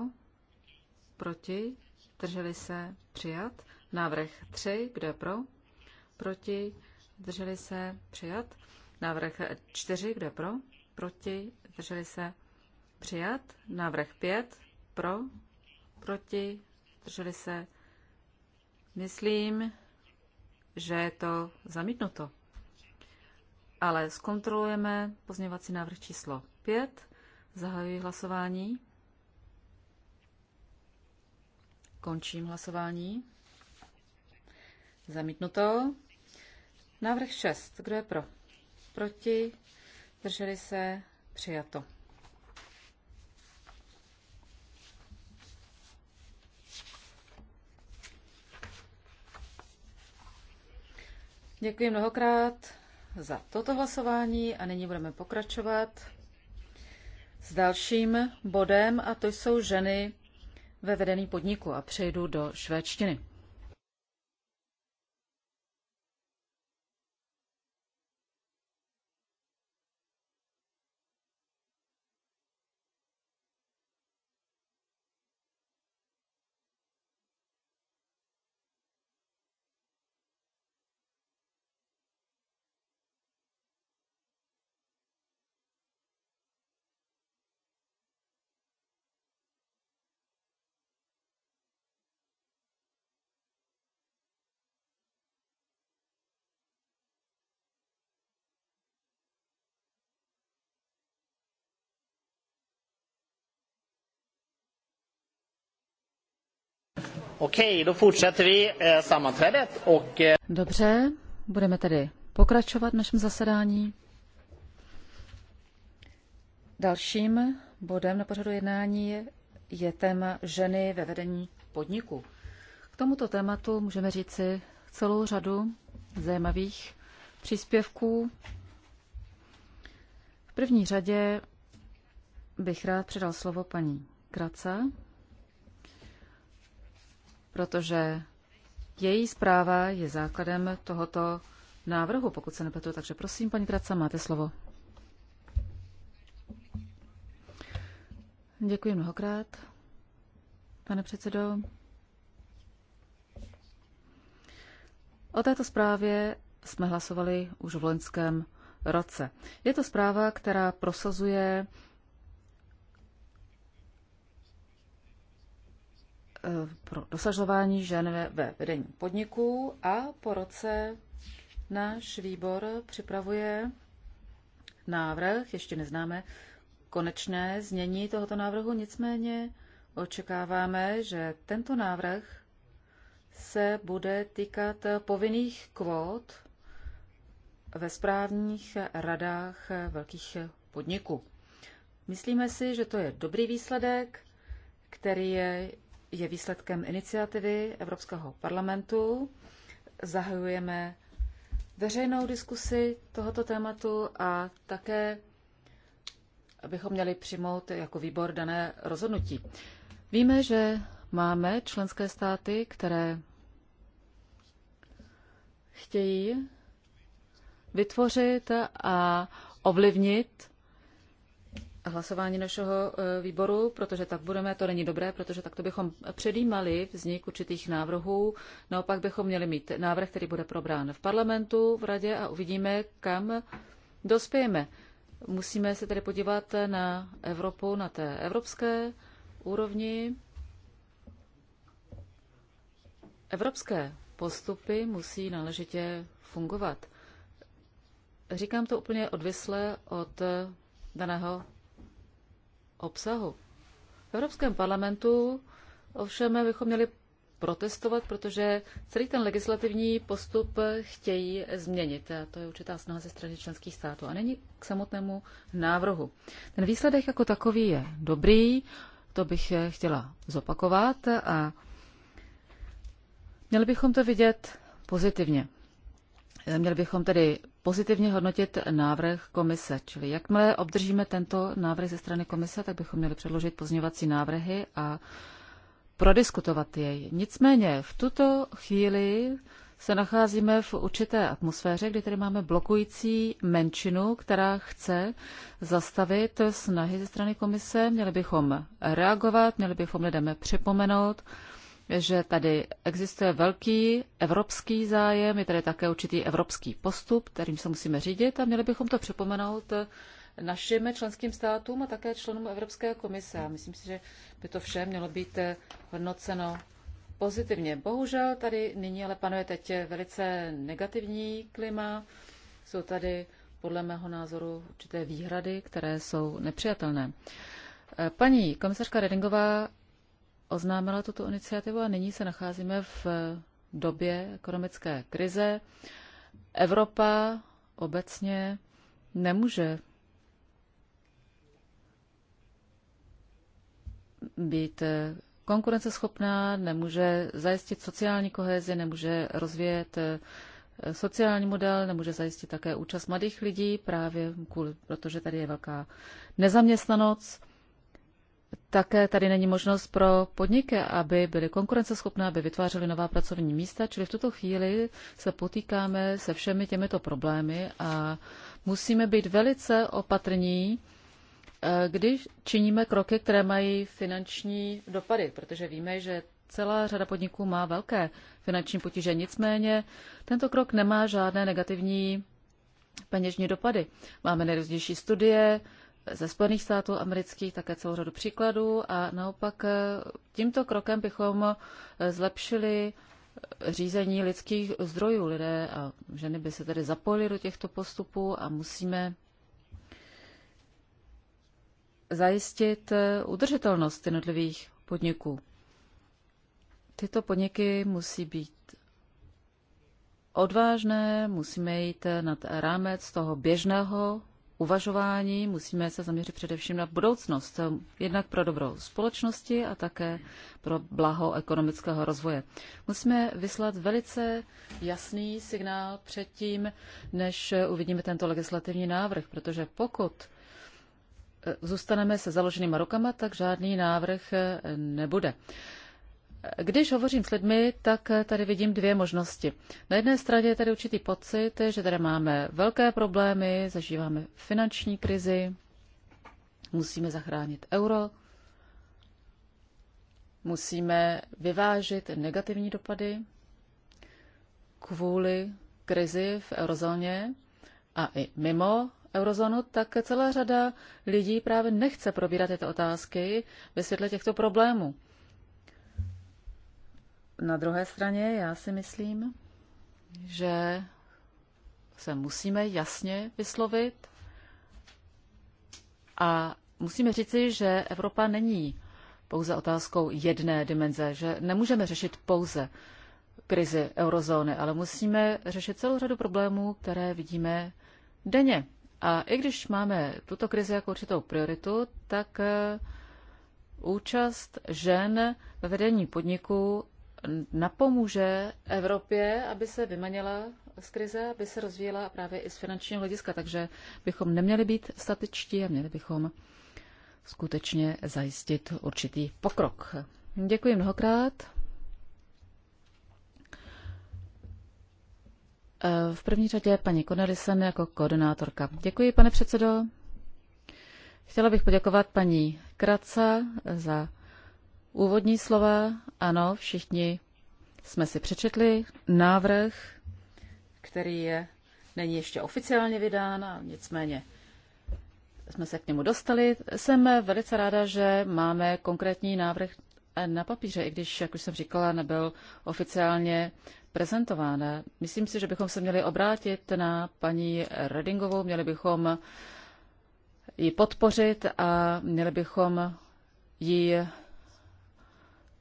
proti, drželi se přijat. Návrh 3, kdo je pro, proti, drželi se přijat. Návrh 4, kdo je pro, proti, drželi se přijat. Návrh 5, pro, proti, drželi se, myslím, že je to zamítnuto. Ale zkontrolujeme pozměňovací návrh číslo 5. Zahajuji hlasování. Končím hlasování. Zamítnuto. Návrh 6. Kdo je pro? Proti? Drželi se? Přijato. Děkuji mnohokrát za toto hlasování a nyní budeme pokračovat s dalším bodem a to jsou ženy ve vedení podniku a přejdu do švédštiny. Okej, då fortsätter vi eh, sammanträdet och... Eh, Dobře, budeme tedy pokračovat v našem zasedání. Dalším bodem na pořadu jednání je téma ženy ve vedení podniku. K tomuto tématu můžeme říci celou řadu zajímavých příspěvků. V první řadě bych rád předal slovo paní Kraca, protože její zpráva je základem tohoto návrhu, pokud se nepletu. Takže prosím, paní Kraca, máte slovo. Děkuji mnohokrát, pane předsedo. O této zprávě jsme hlasovali už v loňském roce. Je to zpráva, která prosazuje Eh, pro dosažování žen ve vedení podniků a po roce náš výbor připravuje návrh, ještě neznáme konečné znění tohoto návrhu, nicméně očekáváme, že tento návrh se bude týkat povinných kvót ve správních radách velkých podniků. Myslíme si, že to je dobrý výsledek, který je je výsledkem iniciativy Evropského parlamentu. Zahajujeme veřejnou diskusi tohoto tématu a také abychom měli přijmout jako výbor dané rozhodnutí. Víme, že máme členské státy, které chtějí vytvořit a ovlivnit hlasování našeho e, výboru, protože tak budeme, to není dobré, protože takto bychom předjímali vznik určitých návrhů. Naopak bychom měli mít návrh, který bude probrán v parlamentu, v radě a uvidíme, kam dospějeme. Musíme se tedy podívat na Evropu, na té evropské úrovni. Evropské postupy musí náležitě fungovat. Říkám to úplně odvisle od daného obsahu. V Evropském parlamentu ovšem bychom měli protestovat, protože celý ten legislativní postup chtějí změnit. A to je určitá snaha ze strany členských států. A není k samotnému návrhu. Ten výsledek jako takový je dobrý, to bych chtěla zopakovat a měli bychom to vidět pozitivně. Měli bychom tedy pozitivně hodnotit návrh komise, čili jakmile obdržíme tento návrh ze strany komise, tak bychom měli předložit pozměňovací návrhy a prodiskutovat jej. Nicméně v tuto chvíli se nacházíme v určité atmosféře, kdy tady máme blokující menšinu, která chce zastavit snahy ze strany komise. Měli bychom reagovat, měli bychom lidem připomenout, že tady existuje velký evropský zájem, je tady také určitý evropský postup, kterým se musíme řídit a měli bychom to připomenout našim členským státům a také členům Evropské komise. A myslím si, že by to vše mělo být hodnoceno pozitivně. Bohužel tady nyní ale panuje teď velice negativní klima. Jsou tady podle mého názoru určité výhrady, které jsou nepřijatelné. Paní komisařka Redingová oznámila tuto iniciativu a nyní se nacházíme v době ekonomické krize. Evropa obecně nemůže být konkurenceschopná, nemůže zajistit sociální kohezi, nemůže rozvíjet sociální model, nemůže zajistit také účast mladých lidí, právě kvůli, protože tady je velká nezaměstnanost. Také tady není možnost pro podniky, aby byly konkurenceschopné, aby vytvářely nová pracovní místa, čili v tuto chvíli se potýkáme se všemi těmito problémy a musíme být velice opatrní, eh, když činíme kroky, které mají finanční dopady, protože víme, že celá řada podniků má velké finanční potíže. Nicméně tento krok nemá žádné negativní peněžní dopady. Máme nejrůznější studie, ze Spojených států amerických, také celou řadu příkladů a naopak eh, tímto krokem bychom eh, zlepšili eh, řízení lidských zdrojů. Lidé a ženy by se tedy zapojili do těchto postupů a musíme zajistit udržitelnost jednotlivých podniků. Tyto podniky musí být odvážné, musíme jít nad rámec toho běžného uvažování musíme se zaměřit především na budoucnost, jednak pro dobro společnosti a také pro blaho ekonomického rozvoje. Musíme vyslat velice jasný signál předtím, než uvidíme tento legislativní návrh, protože pokud eh, zůstaneme se založenýma rukama, tak žádný návrh eh, nebude. Když hovořím s lidmi, tak tady vidím dvě možnosti. Na jedné straně je tady určitý pocit, že tady máme velké problémy, zažíváme finanční krizi, musíme zachránit euro, musíme vyvážit negativní dopady kvůli krizi v eurozóně a i mimo eurozónu, tak celá řada lidí právě nechce probírat tyto otázky ve světle těchto problémů. Na druhé straně já si myslím, že se musíme jasně vyslovit a musíme říci, že Evropa není pouze otázkou jedné dimenze, že nemůžeme řešit pouze krizi eurozóny, ale musíme řešit celou řadu problémů, které vidíme denně. A i když máme tuto krizi jako určitou prioritu, tak eh, účast žen ve vedení podniků napomůže Evropě, aby se vymanila z krize, aby se rozvíjela právě i z finančního hlediska. Takže bychom neměli být statičtí a měli bychom skutečně zajistit určitý pokrok. Děkuji mnohokrát. V první řadě paní Konelisen jako koordinátorka. Děkuji, pane předsedo. Chtěla bych poděkovat paní Kraca za Úvodní slova, ano, všichni jsme si přečetli návrh, který je, není ještě oficiálně vydán, a nicméně jsme se k němu dostali. Jsem velice ráda, že máme konkrétní návrh na papíře, i když, jak už jsem říkala, nebyl oficiálně prezentován. Myslím si, že bychom se měli obrátit na paní Redingovou, měli bychom ji podpořit a měli bychom ji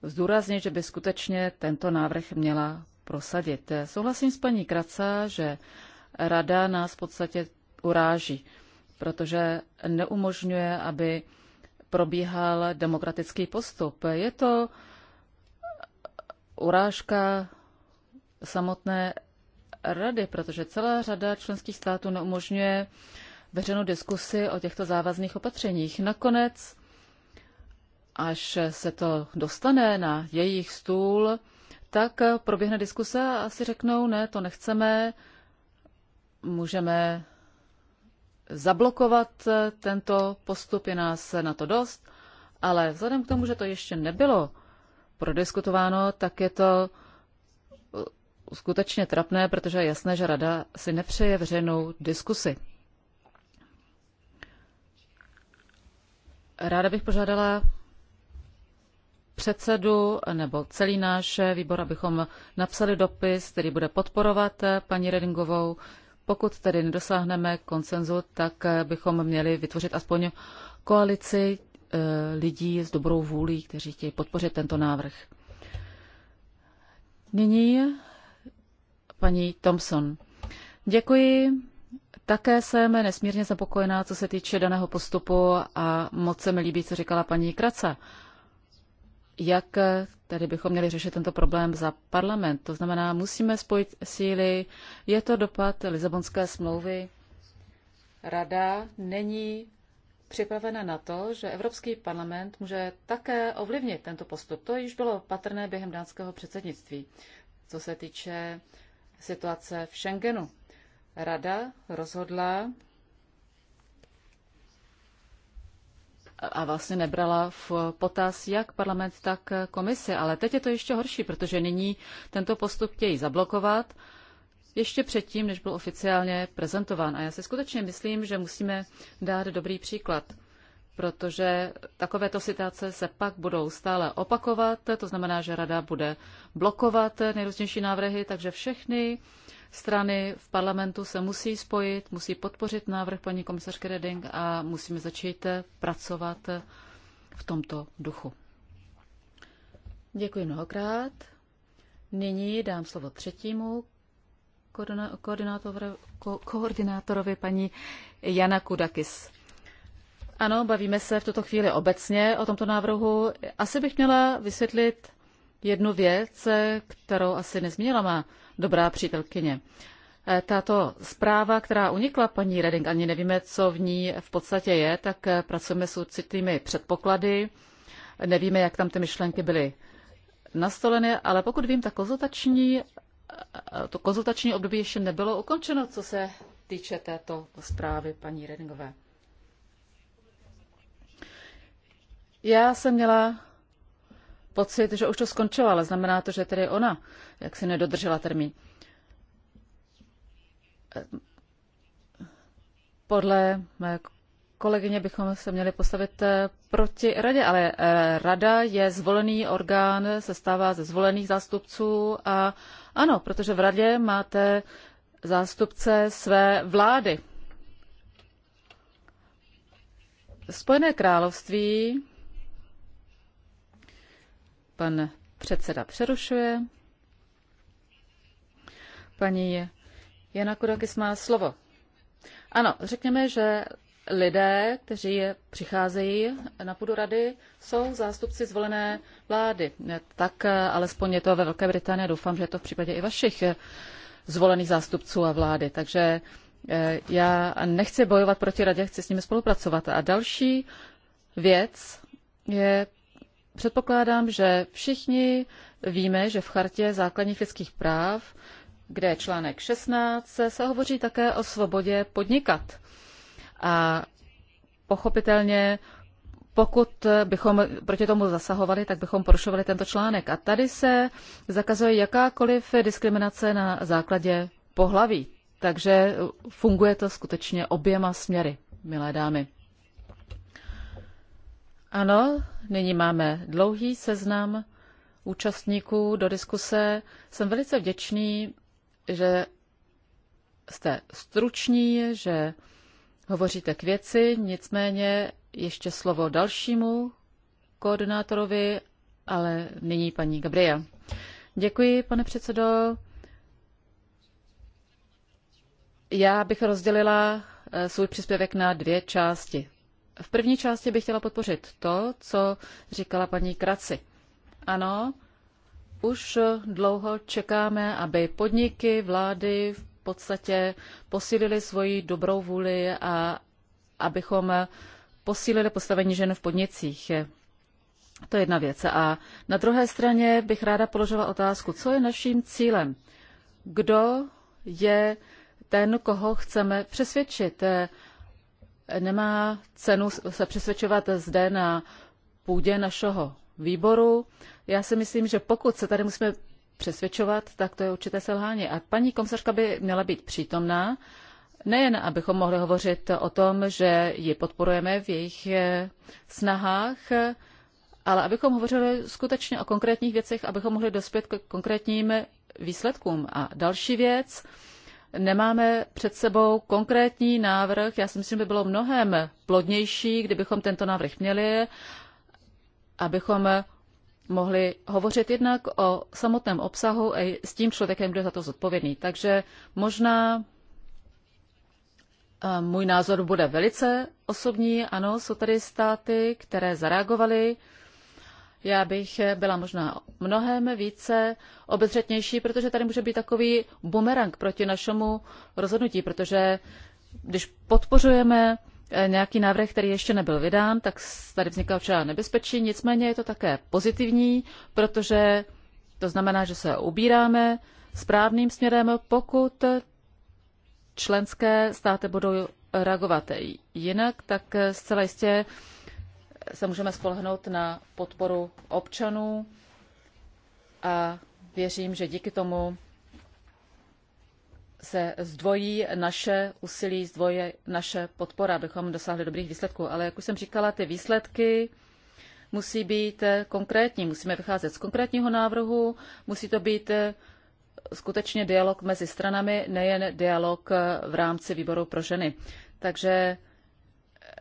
zdůraznit, že by skutečně tento návrh měla prosadit. Souhlasím s paní Kraca, že rada nás v podstatě uráží, protože neumožňuje, aby probíhal demokratický postup. Je to urážka samotné rady, protože celá řada členských států neumožňuje veřejnou diskusi o těchto závazných opatřeních. Nakonec až se to dostane na jejich stůl, tak proběhne diskuse a asi řeknou, ne, to nechceme, můžeme zablokovat tento postup, je nás na to dost, ale vzhledem k tomu, že to ještě nebylo prodiskutováno, tak je to uh, skutečně trapné, protože je jasné, že rada si nepřeje veřejnou diskusi. Ráda bych požádala předsedu nebo celý náš výbor, abychom napsali dopis, který bude podporovat paní Redingovou. Pokud tedy nedosáhneme konsenzu, tak bychom měli vytvořit aspoň koalici eh, lidí s dobrou vůlí, kteří chtějí podpořit tento návrh. Nyní paní Thompson. Děkuji. Také jsem nesmírně zapokojená, co se týče daného postupu a moc se mi líbí, co říkala paní Kraca jak tady bychom měli řešit tento problém za parlament. To znamená, musíme spojit síly. Je to dopad Lizabonské smlouvy. Rada není připravena na to, že Evropský parlament může také ovlivnit tento postup. To již bylo patrné během dánského předsednictví, co se týče situace v Schengenu. Rada rozhodla a vlastně nebrala v potaz jak parlament, tak komise. Ale teď je to ještě horší, protože nyní tento postup chtějí zablokovat ještě předtím, než byl oficiálně prezentován. A já si skutečně myslím, že musíme dát dobrý příklad protože takovéto situace se pak budou stále opakovat, to znamená, že rada bude blokovat nejrůznější návrhy, takže všechny strany v parlamentu se musí spojit, musí podpořit návrh paní komisařky Reding a musíme začít pracovat v tomto duchu. Děkuji mnohokrát. Nyní dám slovo třetímu koordinátorovi, ko, koordinátorovi paní Jana Kudakis. Ano, bavíme se v tuto chvíli obecně o tomto návrhu. Asi bych měla vysvětlit jednu věc, kterou asi nezmínila má dobrá přítelkyně. Eh, tato zpráva, která unikla paní Reding, ani nevíme, co v ní v podstatě je, tak eh, pracujeme s určitými předpoklady. Nevíme, jak tam ty myšlenky byly nastoleny, ale pokud vím, tak konzultační, eh, to konzultační období ještě nebylo ukončeno, co se týče této zprávy paní Redingové. Já jsem měla pocit, že už to skončilo, ale znamená to, že tedy ona, jak si nedodržela termín. Podle mé kolegyně bychom se měli postavit eh, proti radě, ale eh, rada je zvolený orgán, se stává ze zvolených zástupců a ano, protože v radě máte zástupce své vlády. Spojené království Pan předseda přerušuje. Paní Jana Kurakis má slovo. Ano, řekněme, že lidé, kteří přicházejí na půdu rady, jsou zástupci zvolené vlády. Tak alespoň je to ve Velké Británii, doufám, že je to v případě i vašich zvolených zástupců a vlády. Takže eh, já nechci bojovat proti radě, chci s nimi spolupracovat. A další věc je Předpokládám, že všichni víme, že v chartě základních lidských práv, kde je článek 16, se hovoří také o svobodě podnikat. A pochopitelně, pokud bychom proti tomu zasahovali, tak bychom porušovali tento článek. A tady se zakazuje jakákoliv diskriminace na základě pohlaví. Takže funguje to skutečně oběma směry, milé dámy. Ano, nyní máme dlouhý seznam účastníků do diskuse. Jsem velice vděčný, že jste struční, že hovoříte k věci, nicméně ještě slovo dalšímu koordinátorovi, ale nyní paní Gabriel. Děkuji, pane předsedo. Já bych rozdělila eh, svůj příspěvek na dvě části. V první části bych chtěla podpořit to, co říkala paní Kraci. Ano, už dlouho čekáme, aby podniky, vlády v podstatě posílili svoji dobrou vůli a abychom posílili postavení žen v podnicích. To je jedna věc. A na druhé straně bych ráda položila otázku, co je naším cílem? Kdo je ten, koho chceme přesvědčit? Nemá cenu se přesvědčovat zde na půdě našeho výboru. Já si myslím, že pokud se tady musíme přesvědčovat, tak to je určité selhání. A paní komisařka by měla být přítomná, nejen abychom mohli hovořit o tom, že ji podporujeme v jejich snahách, ale abychom hovořili skutečně o konkrétních věcech, abychom mohli dospět k konkrétním výsledkům. A další věc, nemáme před sebou konkrétní návrh. Já si myslím, že by bylo mnohem plodnější, kdybychom tento návrh měli, abychom mohli hovořit jednak o samotném obsahu a s tím člověkem, kdo je za to zodpovědný. Takže možná můj názor bude velice osobní. Ano, jsou tady státy, které zareagovaly já bych byla možná mnohem více obezřetnější, protože tady může být takový bumerang proti našemu rozhodnutí, protože když podpořujeme eh, nějaký návrh, který ještě nebyl vydán, tak tady vzniká včera nebezpečí. Nicméně je to také pozitivní, protože to znamená, že se ubíráme správným směrem, pokud členské státy budou reagovat jinak, tak zcela jistě se můžeme spolehnout na podporu občanů a věřím, že díky tomu se zdvojí naše úsilí, zdvoje naše podpora, abychom dosáhli dobrých výsledků. Ale jak už jsem říkala, ty výsledky musí být konkrétní. Musíme vycházet z konkrétního návrhu, musí to být skutečně dialog mezi stranami, nejen dialog v rámci výboru pro ženy. Takže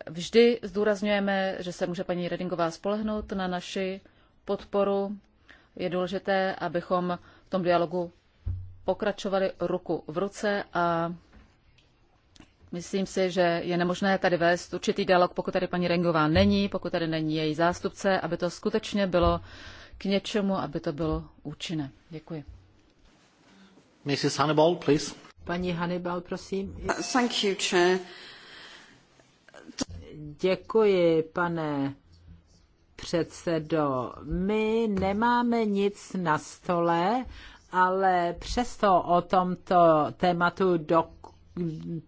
Vždy zdůrazňujeme, že se může paní Redingová spolehnout na naši podporu. Je důležité, abychom v tom dialogu pokračovali ruku v ruce a myslím si, že je nemožné tady vést určitý dialog, pokud tady paní Rengová není, pokud tady není její zástupce, aby to skutečně bylo k něčemu, aby to bylo účinné. Děkuji. Mrs. Hannibal, please. Paní Hannibal, prosím. Thank you, Chair. Děkuji, pane předsedo. My nemáme nic na stole, ale přesto o tomto tématu dokážeme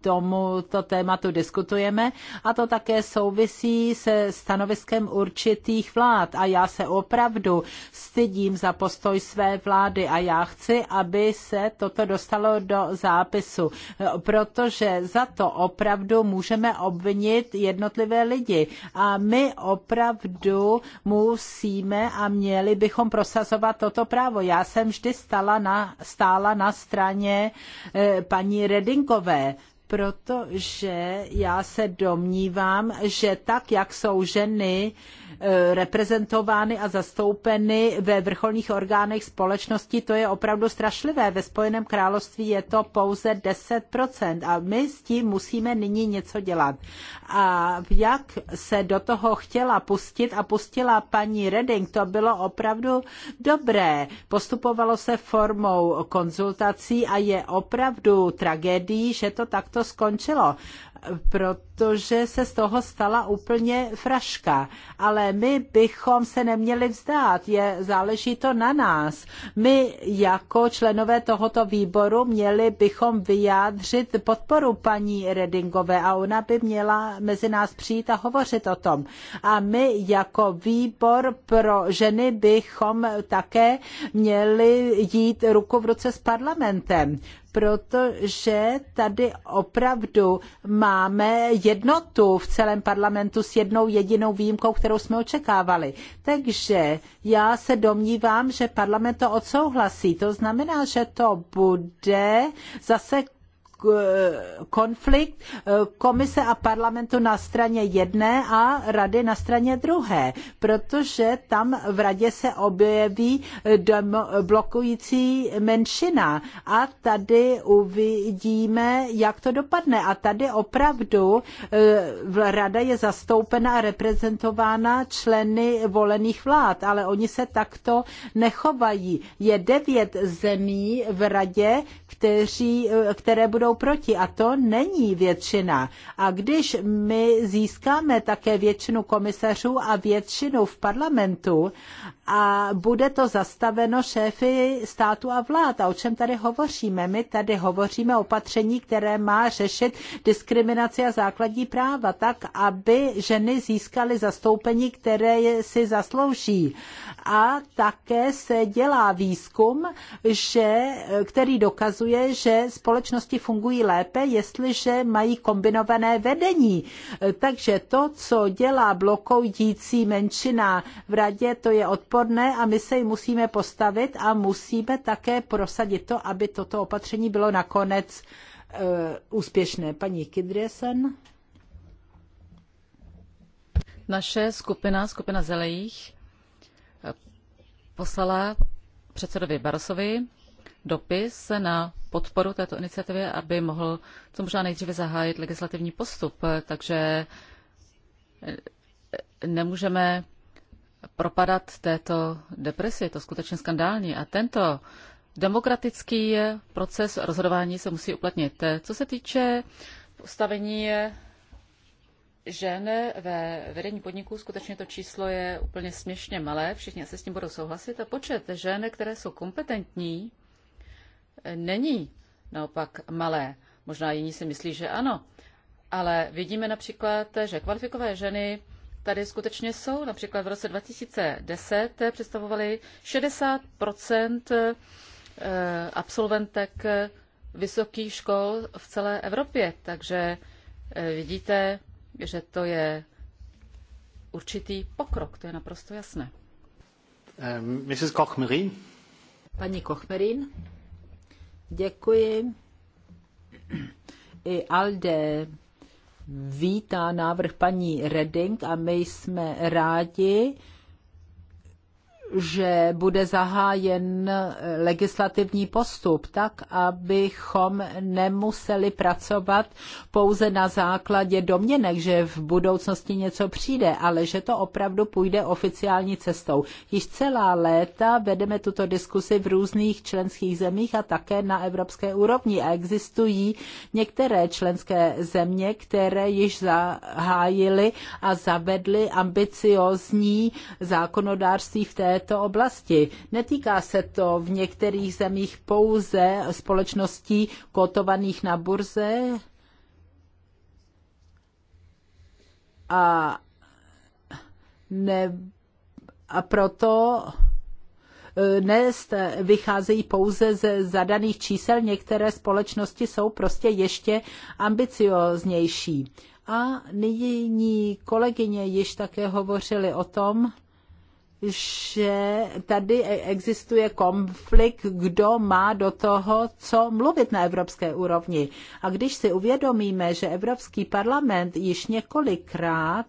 tomuto tématu diskutujeme a to také souvisí se stanoviskem určitých vlád a já se opravdu stydím za postoj své vlády a já chci, aby se toto dostalo do zápisu, protože za to opravdu můžeme obvinit jednotlivé lidi a my opravdu musíme a měli bychom prosazovat toto právo. Já jsem vždy stala na, stála na straně eh, paní Redinkové, nové, protože já se domnívám, že tak, jak jsou ženy Eh, reprezentovány a zastoupeny ve vrcholných orgánech společnosti, to je opravdu strašlivé. Ve Spojeném království je to pouze 10% a my s tím musíme nyní něco dělat. A jak se do toho chtěla pustit a pustila paní Reding, to bylo opravdu dobré. Postupovalo se formou konzultací a je opravdu tragédií, že to takto skončilo protože se z toho stala úplně fraška. Ale my bychom se neměli vzdát, je, záleží to na nás. My jako členové tohoto výboru měli bychom vyjádřit podporu paní Redingové a ona by měla mezi nás přijít a hovořit o tom. A my jako výbor pro ženy bychom také měli jít ruku v ruce s parlamentem protože tady opravdu máme jednotu v celém parlamentu s jednou jedinou výjimkou, kterou jsme očekávali. Takže já se domnívám, že parlament to odsouhlasí. To znamená, že to bude zase Eh, konflikt eh, komise a parlamentu na straně jedné a rady na straně druhé, protože tam v radě se objeví eh, blokující menšina a tady uvidíme, jak to dopadne. A tady opravdu rada je zastoupena a reprezentována členy volených vlád, ale oni se takto nechovají. Je devět zemí v radě, kteří, které budou proti a to není většina. A když my získáme také většinu komisařů a většinu v parlamentu a bude to zastaveno šéfy státu a vlád. A o čem tady hovoříme? My tady hovoříme o opatření, které má řešit diskriminaci a základní práva tak, aby ženy získaly zastoupení, které si zaslouží. A také se dělá výzkum, že, který dokazuje, že společnosti fungují fungují lépe, jestliže mají kombinované vedení. E, takže to, co dělá blokující menšina v radě, to je odporné a my se jim musíme postavit a musíme také prosadit to, aby toto opatření bylo nakonec uh, úspěšné. Paní Kidriesen? Naše skupina, skupina Zelejích, e, poslala předsedovi Barosovi dopis na podporu této iniciativy, aby mohl co možná nejdříve zahájit legislativní postup. Takže eh, nemůžeme propadat této depresi, je to skutečně skandální. A tento demokratický proces rozhodování se musí uplatnit. Co se týče postavení žen ve vedení podniků, skutečně to číslo je úplně směšně malé, všichni asi s tím budou souhlasit. A počet žen, které jsou kompetentní není naopak malé. Možná jiní si myslí, že ano. Ale vidíme například, že kvalifikové ženy tady skutečně jsou. Například v roce 2010 představovaly 60 absolventek vysokých škol v celé Evropě. Takže eh, vidíte, že to je určitý pokrok, to je naprosto jasné. Eh, Mrs. Kochmerin. Paní Kochmerin. Děkuji. I Alde vítá návrh paní Reding a my jsme rádi, že bude zahájen legislativní postup, tak abychom nemuseli pracovat pouze na základě domněnek, že v budoucnosti něco přijde, ale že to opravdu půjde oficiální cestou. Již celá léta vedeme tuto diskusi v různých členských zemích a také na evropské úrovni a existují některé členské země, které již zahájily a zavedly ambiciozní zákonodárství v té této oblasti. Netýká se to v některých zemích pouze společností kotovaných na burze a, ne, a proto e, dnes vycházejí pouze ze zadaných čísel, některé společnosti jsou prostě ještě ambicioznější. A nyní kolegyně již také hovořili o tom, že tady e- existuje konflikt, kdo má do toho, co mluvit na evropské úrovni. A když si uvědomíme, že Evropský parlament již několikrát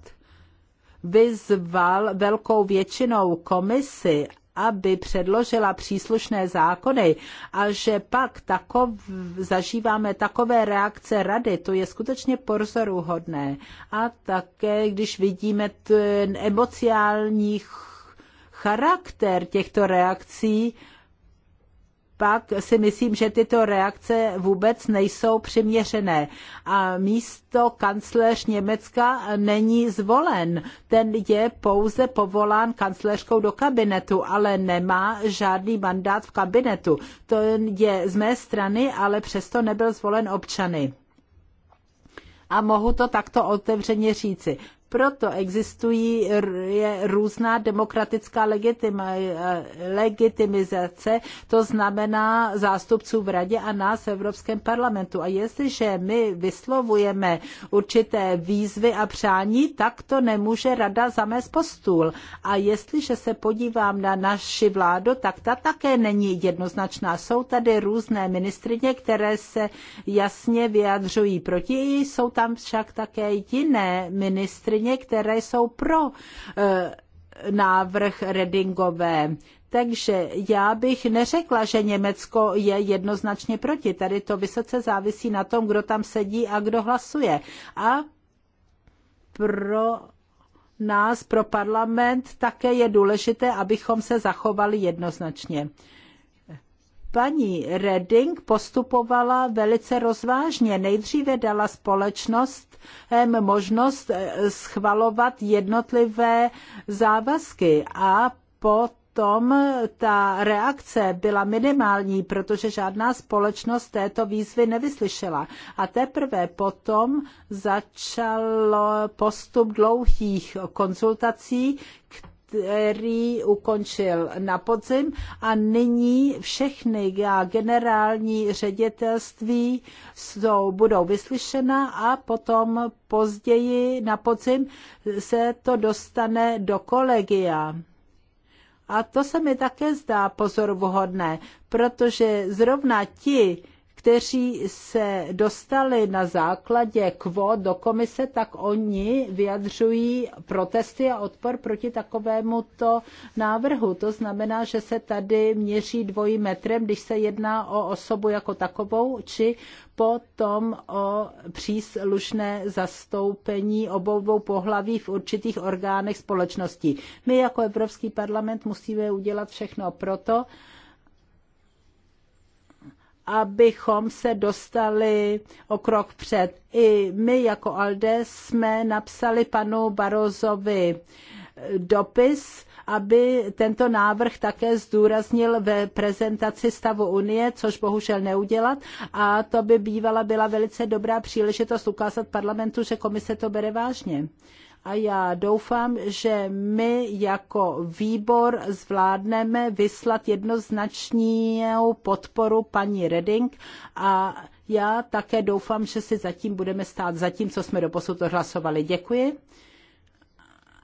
vyzval velkou většinou komisy, aby předložila příslušné zákony a že pak takov, zažíváme takové reakce rady, to je skutečně porzoruhodné. A také, když vidíme ten emociálních charakter těchto reakcí, pak si myslím, že tyto reakce vůbec nejsou přiměřené. A místo kancléř Německa není zvolen. Ten je pouze povolán kancléřkou do kabinetu, ale nemá žádný mandát v kabinetu. To je z mé strany, ale přesto nebyl zvolen občany. A mohu to takto otevřeně říci. Proto existují je různá demokratická legitima, legitimizace, to znamená zástupců v radě a nás v Evropském parlamentu. A jestliže my vyslovujeme určité výzvy a přání, tak to nemůže rada zamést po stůl. A jestliže se podívám na naši vládu, tak ta také není jednoznačná. Jsou tady různé ministrině, které se jasně vyjadřují proti, jsou tam však také jiné ministrině, země, které jsou pro eh, návrh Redingové. Takže já bych neřekla, že Německo je jednoznačně proti. Tady to vysoce závisí na tom, kdo tam sedí a kdo hlasuje. A pro nás, pro parlament, také je důležité, abychom se zachovali jednoznačně paní Redding postupovala velice rozvážně. Nejdříve dala společnost možnost eh, schvalovat jednotlivé závazky a potom ta reakce byla minimální, protože žádná společnost této výzvy nevyslyšela. A teprve potom začal postup dlouhých konzultací, které který ukončil na podzim a nyní všechny generální ředitelství jsou, budou vyslyšena a potom později na podzim se to dostane do kolegia. A to se mi také zdá pozoruhodné, protože zrovna ti, kteří se dostali na základě kvót do komise, tak oni vyjadřují protesty a odpor proti takovému to návrhu. To znamená, že se tady měří dvojím metrem, když se jedná o osobu jako takovou, či potom o příslušné zastoupení obou dvou pohlaví v určitých orgánech společnosti. My jako Evropský parlament musíme udělat všechno proto, abychom se dostali o krok před. I my jako ALDE jsme napsali panu Barozovi dopis, aby tento návrh také zdůraznil ve prezentaci stavu Unie, což bohužel neudělat. A to by bývala byla velice dobrá příležitost ukázat parlamentu, že komise to bere vážně a já doufám, že my jako výbor zvládneme vyslat jednoznačný podporu paní Reding a já také doufám, že si zatím budeme stát za tím, co jsme doposud hlasovali. Děkuji.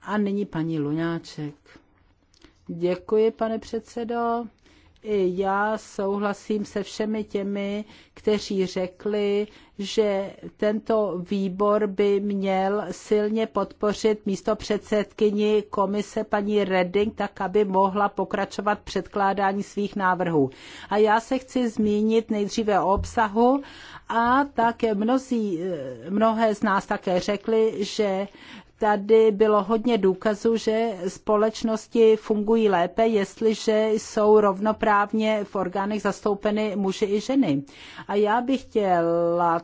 A nyní paní Lunáček. Děkuji, pane předsedo já souhlasím se všemi těmi, kteří řekli, že tento výbor by měl silně podpořit místo předsedkyni komise paní Redding, tak aby mohla pokračovat předkládání svých návrhů. A já se chci zmínit nejdříve o obsahu a také mnozí, mnohé z nás také řekli, že tady bylo hodně důkazů, že společnosti fungují lépe, jestliže jsou rovnoprávně v orgánech zastoupeny muži i ženy. A já bych chtěla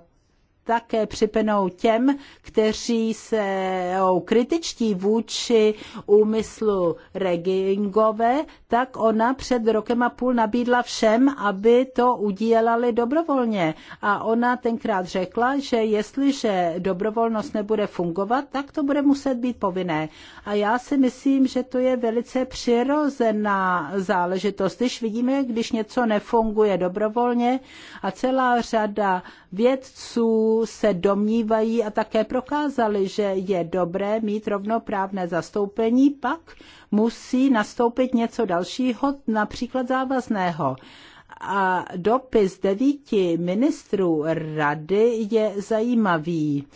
také připenou těm, kteří se kritičtí vůči úmyslu Regingové, tak ona před rokem a půl nabídla všem, aby to udělali dobrovolně. A ona tenkrát řekla, že jestliže dobrovolnost nebude fungovat, tak to bude muset být povinné. A já si myslím, že to je velice přirozená záležitost. Když vidíme, když něco nefunguje dobrovolně a celá řada vědců se domnívají a také prokázali, že je dobré mít rovnoprávné zastoupení, pak musí nastoupit něco dalšího, například závazného a dopis devíti ministrů rady je zajímavý.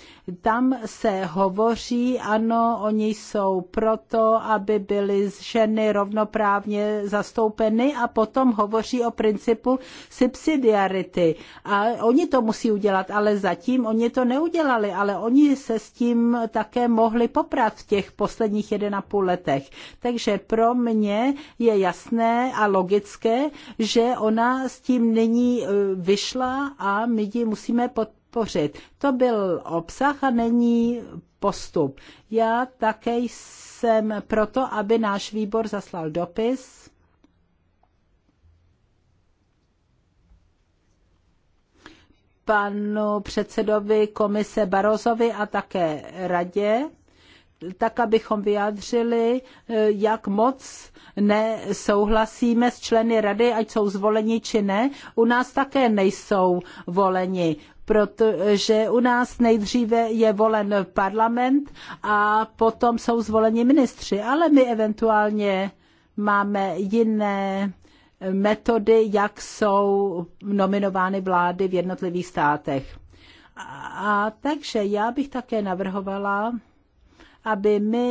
Tam se hovoří, ano, oni jsou proto, aby byly ženy rovnoprávně zastoupeny a potom hovoří o principu subsidiarity. A oni to musí udělat, ale zatím oni to neudělali, ale oni se s tím také mohli poprat v těch posledních 1,5 letech. Takže pro mě je jasné a logické, že ona s tím není e, vyšla a my ji musíme podpořit. To byl obsah a není postup. Já také jsem proto, aby náš výbor zaslal dopis panu předsedovi komise Barozovi a také radě tak abychom vyjádřili, eh, jak moc nesouhlasíme s členy rady, ať jsou zvoleni či ne. U nás také nejsou voleni, protože u nás nejdříve je volen parlament a potom jsou zvoleni ministři, ale my eventuálně máme jiné metody, jak jsou nominovány vlády v jednotlivých státech. A, a takže já bych také navrhovala, aby my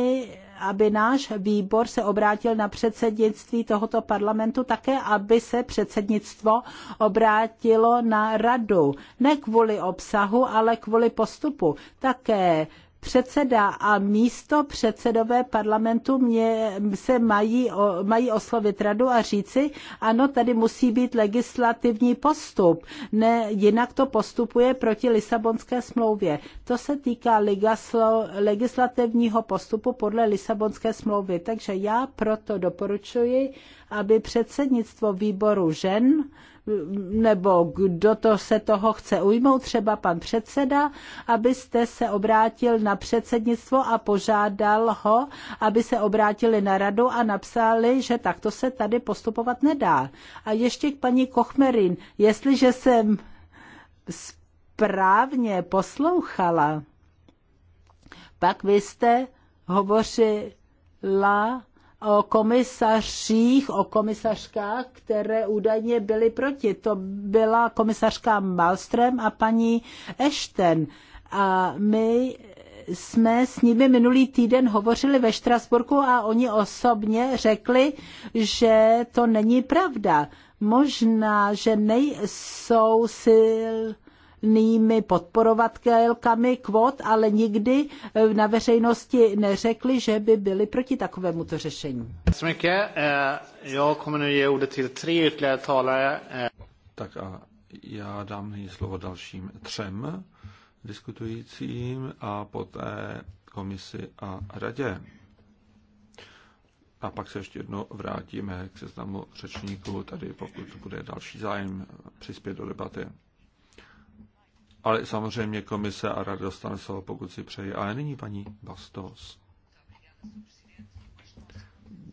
aby náš výbor se obrátil na předsednictví tohoto parlamentu také, aby se předsednictvo obrátilo na radu. Ne kvůli obsahu, ale kvůli postupu. Také předseda a místo předsedové parlamentu mě, se mají, mají oslovit radu a říci, ano, tady musí být legislativní postup, ne, jinak to postupuje proti Lisabonské smlouvě. To se týká legislativního postupu podle Lisabonské smlouvy, takže já proto doporučuji, aby předsednictvo výboru žen nebo kdo to se toho chce ujmout, třeba pan předseda, abyste se obrátil na předsednictvo a požádal ho, aby se obrátili na radu a napsali, že takto se tady postupovat nedá. A ještě k paní Kochmerin, jestliže jsem správně poslouchala, pak vy jste hovořila o komisařích, o komisařkách, které údajně byly proti. To byla komisařka Malström a paní Ešten. A my jsme s nimi minulý týden hovořili ve Štrasburku a oni osobně řekli, že to není pravda. Možná, že nejsou sil nými podporovatelkami kvot, ale nikdy eh, na veřejnosti neřekli, že by byli proti takovému to řešení. Eh, eh. Tak a já dám nyní slovo dalším třem diskutujícím a poté komisi a radě. A pak se ještě jedno vrátíme k seznamu řečníků, tady pokud bude další zájem přispět do debaty ale samozřejmě komise a rada dostane slovo, pokud si přeji. Ale nyní paní Bastos.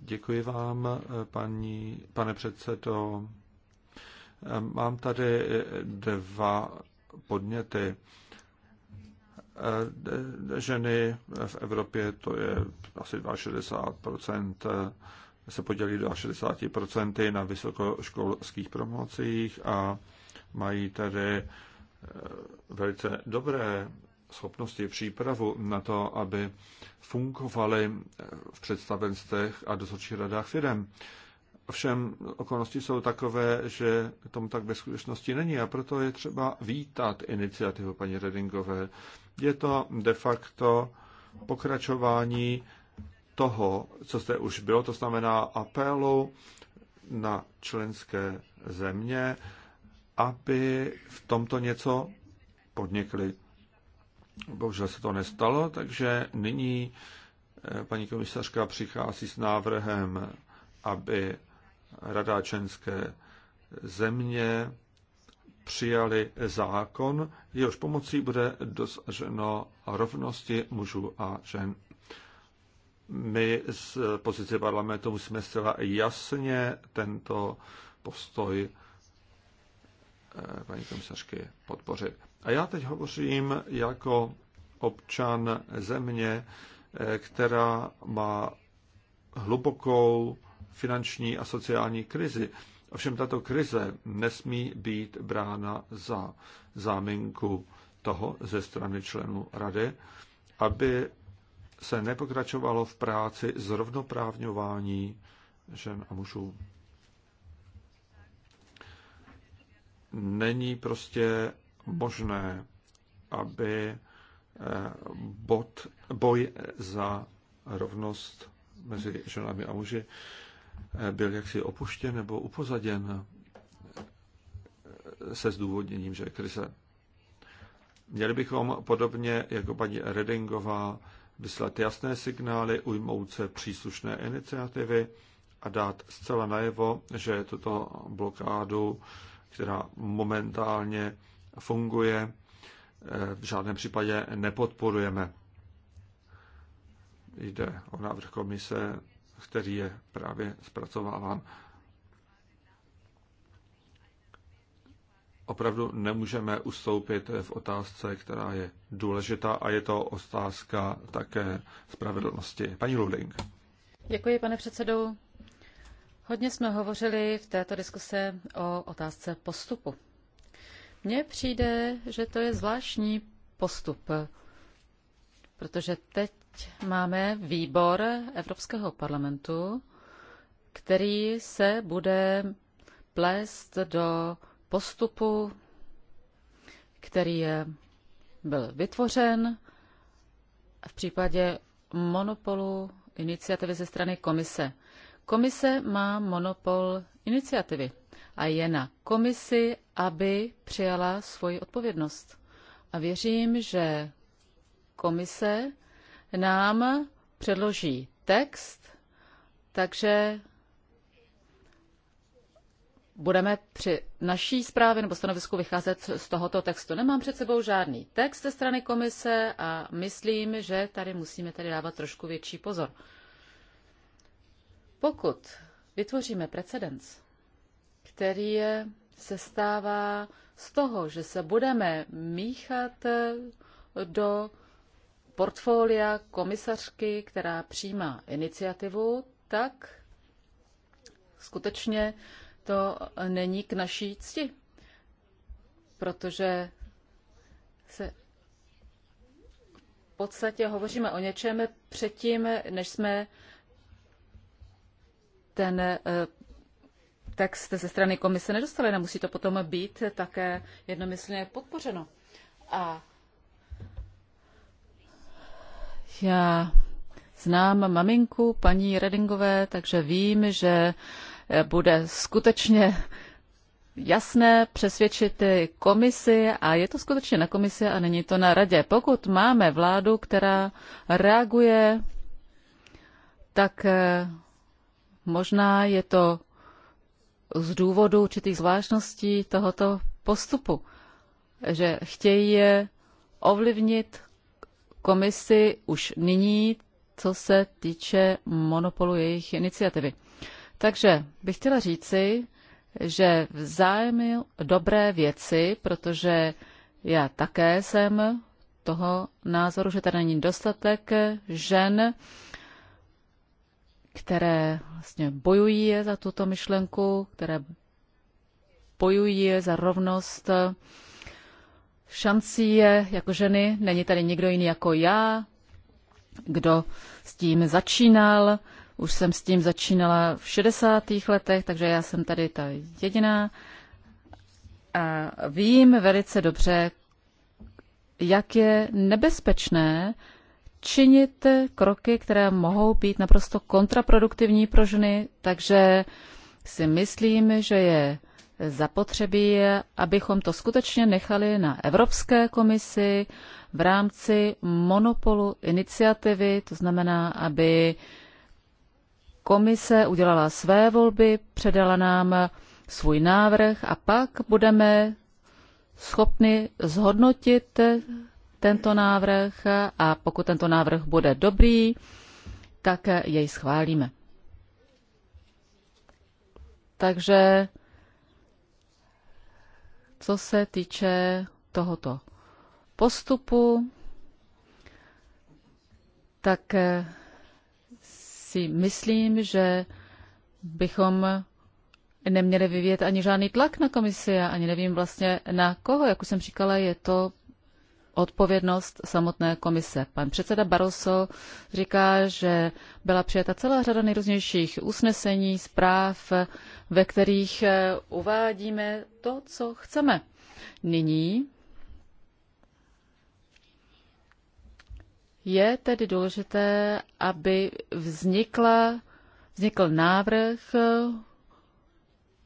Děkuji vám, paní, pane předsedo. Mám tady dva podněty. Ženy v Evropě, to je asi 62%, se podělí do 60% na vysokoškolských promocích a mají tedy velice dobré schopnosti přípravu na to, aby fungovaly v představenstvech a dozorčích radách firm. Ovšem okolnosti jsou takové, že tomu tak ve skutečnosti není a proto je třeba vítat iniciativu paní Redingové. Je to de facto pokračování toho, co zde už bylo, to znamená apelu na členské země, aby v tomto něco podnikli. Bohužel se to nestalo, takže nyní eh, paní komisařka přichází s návrhem, aby Rada členské země přijali zákon, jehož pomocí bude dosaženo rovnosti mužů a žen. My z pozice parlamentu musíme zcela jasně tento postoj paní komisařky podpořit. A já teď hovořím jako občan země, eh, která má hlubokou finanční a sociální krizi. Ovšem tato krize nesmí být brána za záminku toho ze strany členů rady, aby se nepokračovalo v práci zrovnoprávňování žen a mužů. není prostě možné, aby eh, bod, boj za rovnost mezi ženami a muži eh, byl jaksi opuštěn nebo upozaděn eh, se zdůvodněním, že krize. Měli bychom podobně jako paní Redingová vyslat jasné signály, ujmout se příslušné iniciativy a dát zcela najevo, že tuto blokádu která momentálně funguje, eh, v žádném případě nepodporujeme. Jde o návrh komise, který je právě zpracováván. Opravdu nemůžeme ustoupit v otázce, která je důležitá a je to otázka také spravedlnosti. Paní Luding. Děkuji, pane předsedo. Hodně jsme hovořili v této diskuse o otázce postupu. Mně přijde, že to je zvláštní postup, protože teď máme výbor Evropského parlamentu, který se bude plést do postupu, který je, byl vytvořen v případě monopolu iniciativy ze strany komise. Komise má monopol iniciativy a je na komisi, aby přijala svoji odpovědnost. A věřím, že komise nám předloží text, takže budeme při naší zprávě nebo stanovisku vycházet z tohoto textu. Nemám před sebou žádný text ze strany komise a myslím, že tady musíme tady dávat trošku větší pozor. Pokud vytvoříme precedens, který je, se stává z toho, že se budeme míchat eh, do portfolia komisařky, která přijímá iniciativu, tak skutečně to není k naší cti, protože se v podstatě hovoříme o něčem předtím, než jsme ten eh, text ze strany komise nedostali, nemusí musí to potom být také jednomyslně podpořeno. A já znám maminku paní Redingové, takže vím, že eh, bude skutečně jasné přesvědčit komisi a je to skutečně na komisi a není to na radě. Pokud máme vládu, která reaguje, tak eh, Možná je to z důvodu určitých zvláštností tohoto postupu, že chtějí je ovlivnit komisi už nyní, co se týče monopolu jejich iniciativy. Takže bych chtěla říci, že v zájmu dobré věci, protože já také jsem toho názoru, že tady není dostatek žen které vlastně bojují za tuto myšlenku, které bojují za rovnost šancí je jako ženy. Není tady nikdo jiný jako já, kdo s tím začínal. Už jsem s tím začínala v 60. letech, takže já jsem tady ta jediná. A vím velice dobře, jak je nebezpečné činit kroky, které mohou být naprosto kontraproduktivní pro ženy, takže si myslím, že je zapotřebí, abychom to skutečně nechali na Evropské komisi v rámci monopolu iniciativy, to znamená, aby komise udělala své volby, předala nám svůj návrh a pak budeme schopni zhodnotit tento návrh a pokud tento návrh bude dobrý, tak jej schválíme. Takže co se týče tohoto postupu, tak si myslím, že bychom neměli vyvíjet ani žádný tlak na komisi. Já ani nevím vlastně na koho. Jak už jsem říkala, je to odpovědnost samotné komise. Pan předseda Barroso říká, že byla přijata celá řada nejrůznějších usnesení, zpráv, ve kterých eh, uvádíme to, co chceme. Nyní je tedy důležité, aby vznikla, vznikl návrh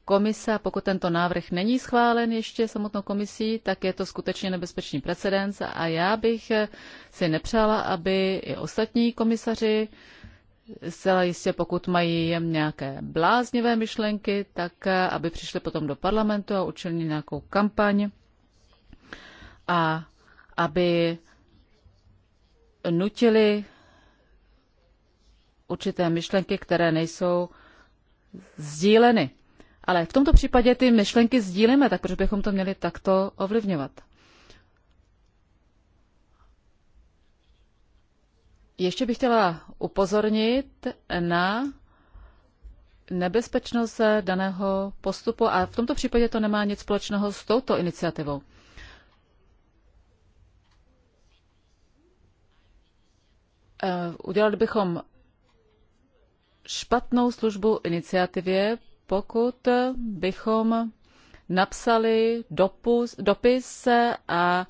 komise a pokud tento návrh není schválen ještě samotnou komisí, tak je to skutečně nebezpečný precedens a já bych si nepřála, aby i ostatní komisaři Zcela jistě, pokud mají nějaké bláznivé myšlenky, tak aby přišli potom do parlamentu a učinili nějakou kampaň a aby nutili určité myšlenky, které nejsou sdíleny. Ale v tomto případě ty myšlenky sdílíme, tak proč bychom to měli takto ovlivňovat? Ještě bych chtěla upozornit na nebezpečnost daného postupu a v tomto případě to nemá nic společného s touto iniciativou. Eh, udělali bychom špatnou službu iniciativě, pokud bychom napsali dopus, dopis a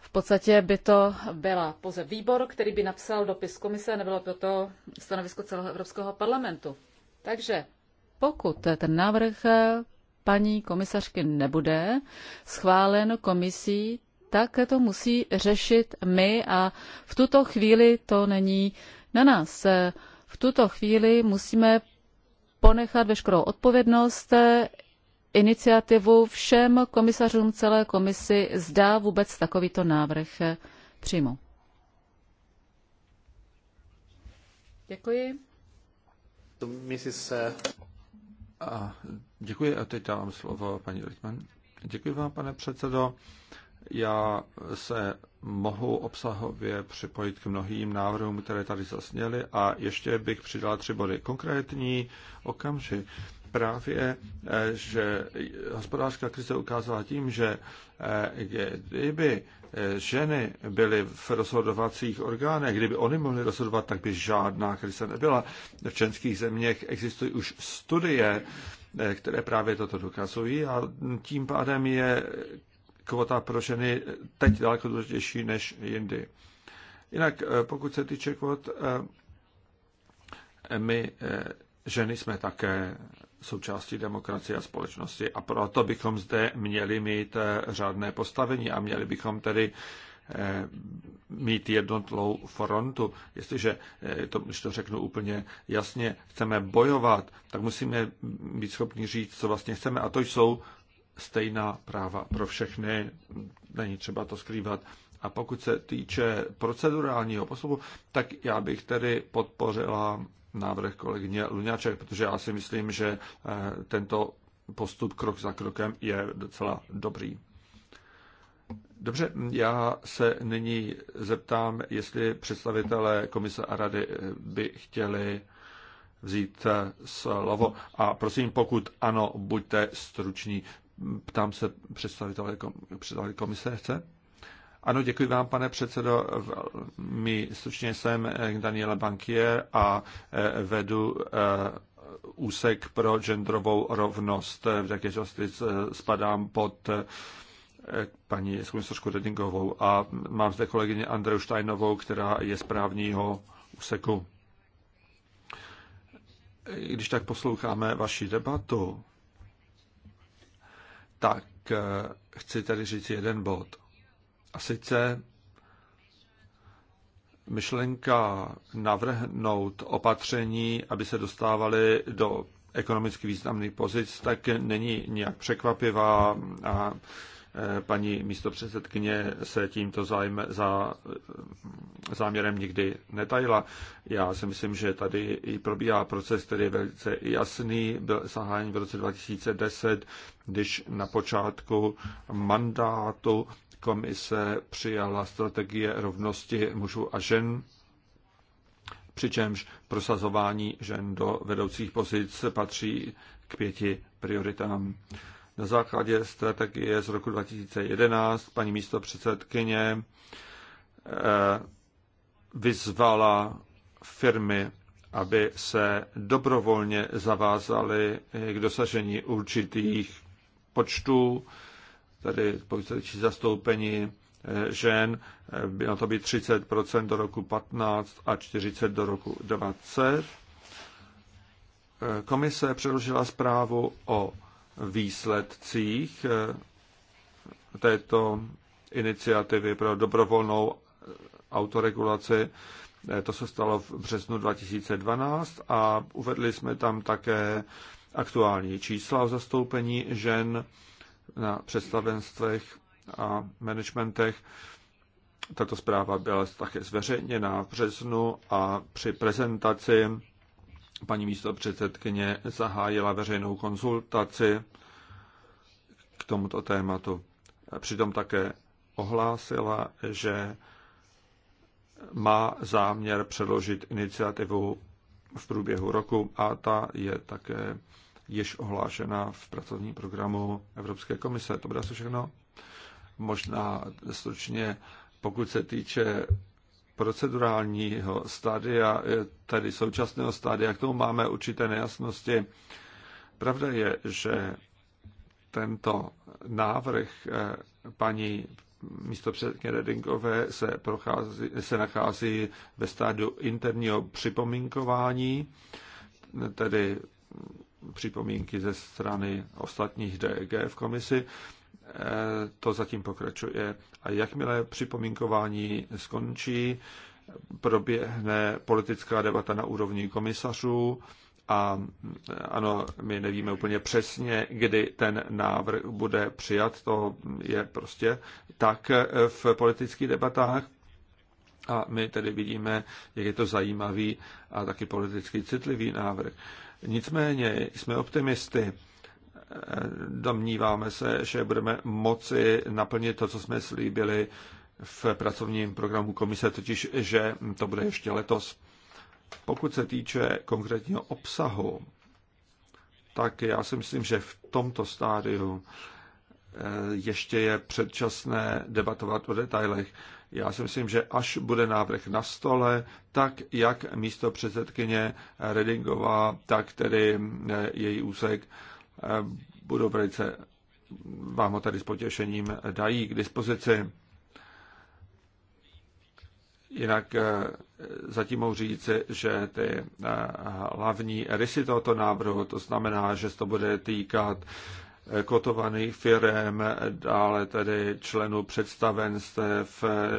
v podstatě by to byla pouze výbor, který by napsal dopis komise, nebylo by to stanovisko celého Evropského parlamentu. Takže pokud ten návrh paní komisařky nebude schválen komisí, tak to musí řešit my a v tuto chvíli to není na nás. V tuto chvíli musíme ponechat veškerou odpovědnost, eh, iniciativu všem komisařům celé komisi, zda vůbec takovýto návrh eh, přijmu. Děkuji. Eh. A děkuji a teď dávám slovo paní Lichtman. Děkuji vám, pane předsedo. Já se mohu obsahově připojit k mnohým návrhům, které tady zasněly a ještě bych přidal tři body. Konkrétní okamžik právě, eh, že hospodářská krize ukázala tím, že eh, kdyby eh, ženy byly v rozhodovacích orgánech, kdyby oni mohly rozhodovat, tak by žádná krize nebyla. V českých zeměch existují už studie, které právě toto dokazují a tím pádem je kvota pro ženy teď daleko důležitější než jindy. Jinak eh, pokud se týče kvot, eh, my eh, ženy jsme také součástí demokracie a společnosti a proto bychom zde měli mít řádné postavení a měli bychom tedy mít jednotlou frontu. Jestliže, to, když to řeknu úplně jasně, chceme bojovat, tak musíme být schopni říct, co vlastně chceme. A to jsou stejná práva pro všechny, není třeba to skrývat. A pokud se týče procedurálního postupu, tak já bych tedy podpořila návrh kolegyně Luňáček, protože já si myslím, že eh, tento postup krok za krokem je docela dobrý. Dobře, já se nyní zeptám, jestli představitelé komise a rady eh, by chtěli vzít eh, slovo. A prosím, pokud ano, buďte struční ptám se představitele komise, chce? Ano, děkuji vám, pane předsedo. My slučně jsem eh, Daniela Bankier a eh, vedu eh, úsek pro genderovou rovnost. V Jaké části spadám pod paní komisařku Redingovou a mám zde kolegyně Andreu Štajnovou, která je z právního úseku. Když tak posloucháme vaši debatu, tak eh, chci tady říct jeden bod. A sice myšlenka navrhnout opatření, aby se dostávali do ekonomicky významných pozic, tak není nijak překvapivá a Eh, paní místopředsedkyně se tímto zájme, za, eh, záměrem nikdy netajila. Já si myslím, že tady i probíhá proces, který je velice jasný, byl zahájen v roce 2010, když na počátku mandátu komise přijala strategie rovnosti mužů a žen, přičemž prosazování žen do vedoucích pozic patří k pěti prioritám na základě strategie z roku 2011 paní místo předsedkyně eh, vyzvala firmy, aby se dobrovolně zavázaly k dosažení určitých počtů, tedy počítající zastoupení eh, žen, eh, mělo to být 30 do roku 15 a 40 do roku 20. Komise předložila zprávu o výsledcích eh, této iniciativy pro dobrovolnou eh, autoregulaci. Eh, to se stalo v březnu 2012 a uvedli jsme tam také aktuální čísla o zastoupení žen na představenstvech a managementech. Tato zpráva byla také zveřejněna v březnu a při prezentaci paní místo předsedkyně zahájila veřejnou konzultaci k tomuto tématu. Přitom také ohlásila, že má záměr předložit iniciativu v průběhu roku a ta je také již ohlášena v pracovním programu Evropské komise. To bude asi všechno. Možná stručně, pokud se týče procedurálního stádia eh, tedy současného stádia, k tomu máme určité nejasnosti. Pravda je, že tento návrh eh, paní místo předky Redingové se, prochází, se nachází ve stádiu interního připomínkování, tedy připomínky ze strany ostatních DG v komisi to zatím pokračuje. A jakmile připomínkování skončí, proběhne politická debata na úrovni komisařů a ano, my nevíme úplně přesně, kdy ten návrh bude přijat, to je prostě tak v politických debatách. A my tedy vidíme, jak je to zajímavý a taky politicky citlivý návrh. Nicméně jsme optimisty domníváme se, že budeme moci naplnit to, co jsme slíbili v pracovním programu komise, totiž, že to bude ještě letos. Pokud se týče konkrétního obsahu, tak já si myslím, že v tomto stádiu eh, ještě je předčasné debatovat o detailech. Já si myslím, že až bude návrh na stole, tak jak místo předsedkyně Redingová, tak tedy eh, její úsek Eh, budou velice, vám ho tady s potěšením dají k dispozici. Jinak eh, zatím mohu říct, že ty eh, hlavní rysy tohoto návrhu, to znamená, že se to bude týkat kotovaných firm, dále tedy členů představenstv,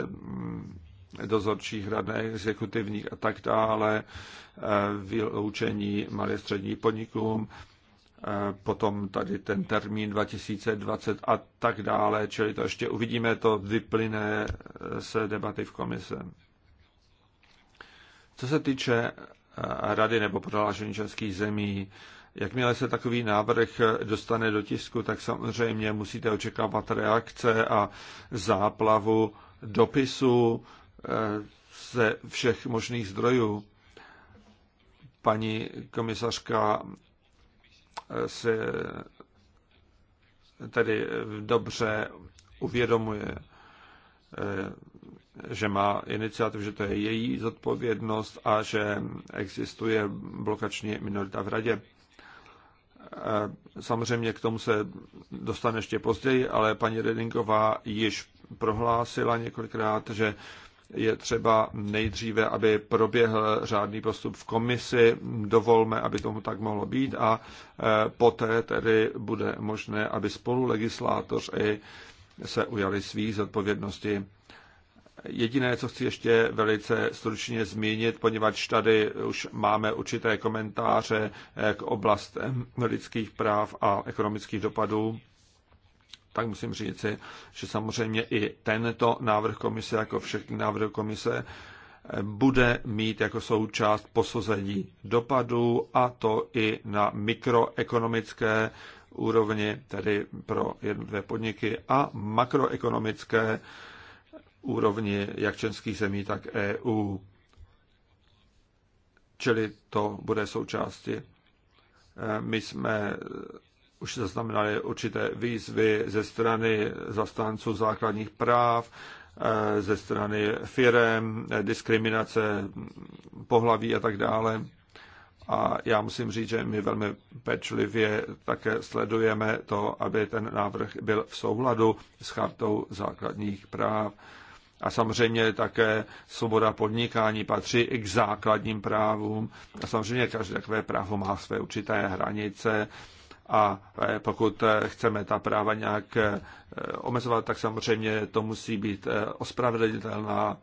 mm, dozorčích rad exekutivních a tak dále, vyloučení malých středních podnikům, Eh, potom tady ten termín 2020 a tak dále, čili to ještě uvidíme, to vyplyne se eh, debaty v komise. Co se týče eh, rady nebo prohlášení českých zemí, jakmile se takový návrh dostane do tisku, tak samozřejmě musíte očekávat reakce a záplavu dopisů ze všech možných zdrojů. Paní komisařka si tedy dobře uvědomuje, eh, že má iniciativu, že to je její zodpovědnost a že existuje blokační minorita v radě. Eh, samozřejmě k tomu se dostane ještě později, ale paní Redinková již prohlásila několikrát, že je třeba nejdříve, aby proběhl řádný postup v komisi, dovolme, aby tomu tak mohlo být a eh, poté tedy bude možné, aby spolulegislátoři se ujali svých zodpovědností. Jediné, co chci ještě velice stručně zmínit, poněvadž tady už máme určité komentáře eh, k oblastem lidských práv a ekonomických dopadů, tak musím říci, že samozřejmě i tento návrh komise, jako všechny návrhy komise, bude mít jako součást posuzení dopadů a to i na mikroekonomické úrovni, tedy pro jednotlivé podniky a makroekonomické úrovni jak členských zemí, tak EU. Čili to bude součástí. E, my jsme už zaznamenali určité výzvy ze strany zastánců základních práv, eh, ze strany firem, eh, diskriminace pohlaví a tak dále. A já musím říct, že my velmi pečlivě také sledujeme to, aby ten návrh byl v souladu s chartou základních práv. A samozřejmě také svoboda podnikání patří i k základním právům. A samozřejmě každé takové právo má své určité hranice, a e, pokud e, chceme ta práva nějak e, omezovat, tak samozřejmě to musí být ospravedlnitelná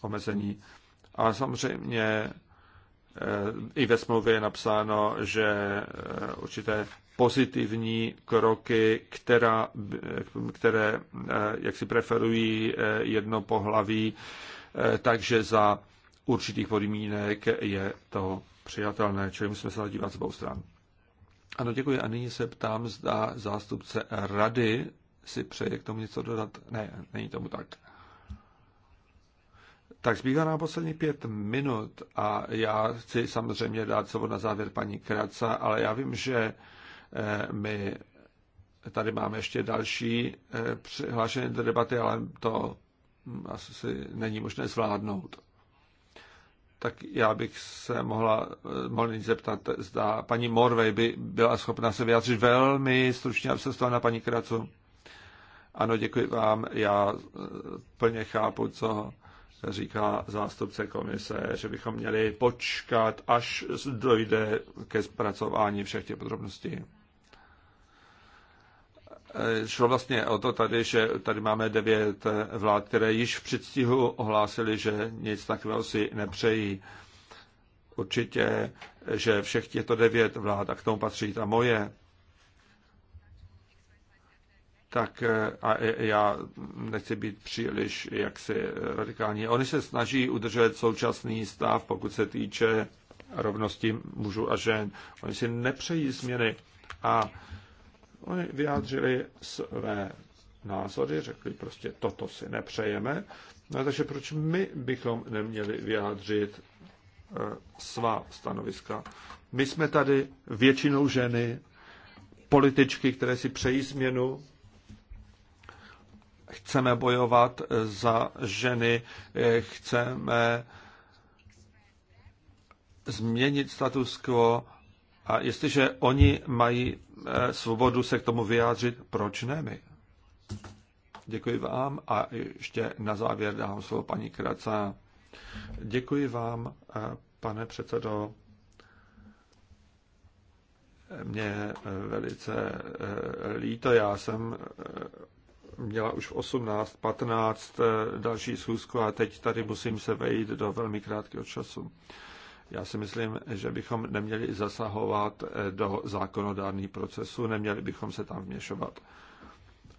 omezení. A samozřejmě i ve smlouvě je napsáno, že určité pozitivní kroky, která, které jak si preferují jedno pohlaví, takže za určitých podmínek je to přijatelné, čili musíme se zadívat z obou stran. Ano, děkuji. A nyní se ptám, zda zástupce rady si přeje k tomu něco dodat. Ne, není tomu tak. Tak zbývá nám poslední pět minut a já chci samozřejmě dát slovo na závěr paní Kraca, ale já vím, že eh, my tady máme ještě další eh, přihlášené do debaty, ale to asi není možné zvládnout tak já bych se mohla, eh, mohla zeptat, zda paní Morvej by byla schopna se vyjádřit velmi stručně, aby se stala na paní Kracu. Ano, děkuji vám. Já eh, plně chápu, co říká zástupce komise, že bychom měli počkat, až dojde ke zpracování všech těch podrobností. Eh, šlo vlastně o to tady, že tady máme devět eh, vlád, které již v předstihu ohlásili, že nic takového si nepřejí. Určitě, eh, že všech těchto devět vlád, a k tomu patří ta moje, tak a já nechci být příliš jaksi radikální. Oni se snaží udržet současný stav, pokud se týče rovnosti mužů a žen. Oni si nepřejí změny a Oni vyjádřili své názory, řekli prostě toto si nepřejeme, no, takže proč my bychom neměli vyjádřit eh, svá stanoviska. My jsme tady většinou ženy, političky, které si přejí změnu. Chceme bojovat eh, za ženy, eh, chceme změnit status quo a jestliže oni mají eh, svobodu se k tomu vyjádřit, proč ne my? Děkuji vám a ještě na závěr dám slovo paní Kraca. Děkuji vám, eh, pane předsedo. Mě eh, velice líto, já jsem měla už v 18.15 další schůzku a teď tady musím se vejít do velmi krátkého času. Já si myslím, že bychom neměli zasahovat do zákonodárných procesu, neměli bychom se tam vměšovat.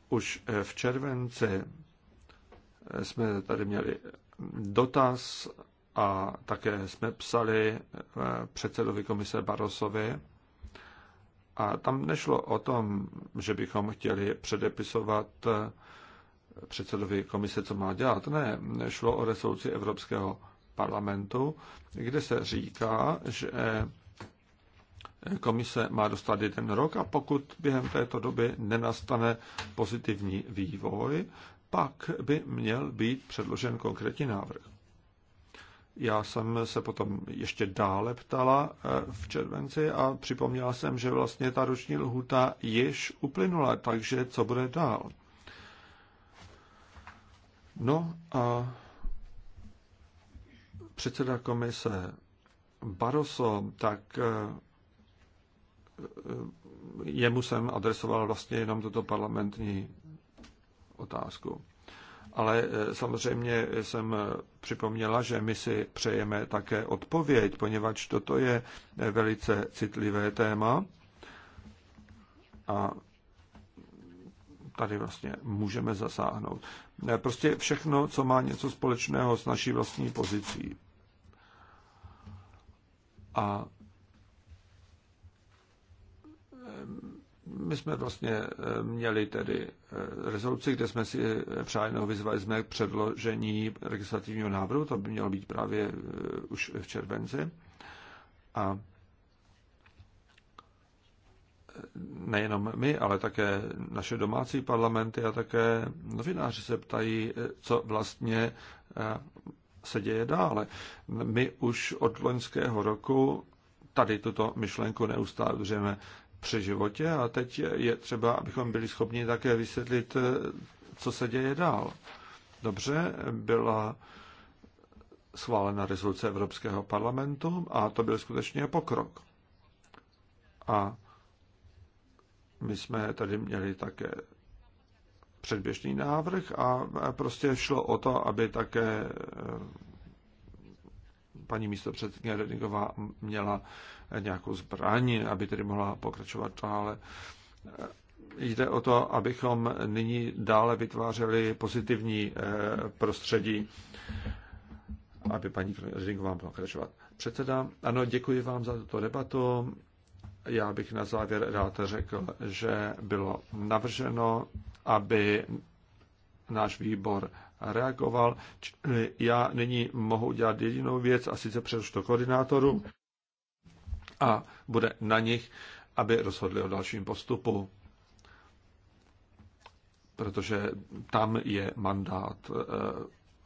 Už v červenci jsme tady měli dotaz a také jsme psali předsedovi komise Barosovi. A tam nešlo o tom, že bychom chtěli předepisovat předsedovi komise, co má dělat. Ne, šlo o resoluci Evropského parlamentu, kde se říká, že komise má dostat jeden rok a pokud během této doby nenastane pozitivní vývoj, pak by měl být předložen konkrétní návrh. Já jsem se potom ještě dále ptala eh, v červenci a připomněla jsem, že vlastně ta roční lhuta již uplynula, takže co bude dál? No a předseda komise Barroso, tak eh, eh, jemu jsem adresoval vlastně jenom tuto parlamentní otázku. Ale eh, samozřejmě jsem připomněla, že my si přejeme také odpověď, poněvadž toto je velice citlivé téma a tady vlastně můžeme zasáhnout. Prostě všechno, co má něco společného s naší vlastní pozicí. A my jsme vlastně měli tedy eh, rezoluci, kde jsme si eh, přáli nebo vyzvali jsme k předložení legislativního návrhu, to by mělo být právě eh, už v červenci. A nejenom my, ale také naše domácí parlamenty a také novináři se ptají, co vlastně eh, se děje dále. My už od loňského roku tady tuto myšlenku neustále držíme při životě a teď je třeba, abychom byli schopni také vysvětlit, eh, co se děje dál. Dobře, byla schválena rezoluce Evropského parlamentu a to byl skutečně pokrok. A my jsme tady měli také předběžný návrh a prostě šlo o to, aby také eh, paní místo předsedkyně Redingová měla nějakou zbraň, aby tedy mohla pokračovat dále. Eh, jde o to, abychom nyní dále vytvářeli pozitivní eh, prostředí, aby paní Redingová mohla pokračovat. Předseda, ano, děkuji vám za tuto debatu já bych na závěr rád řekl, že bylo navrženo, aby náš výbor reagoval. Čili já nyní mohu dělat jedinou věc, a sice přerušu to koordinátorům a bude na nich, aby rozhodli o dalším postupu. Protože tam je mandát eh,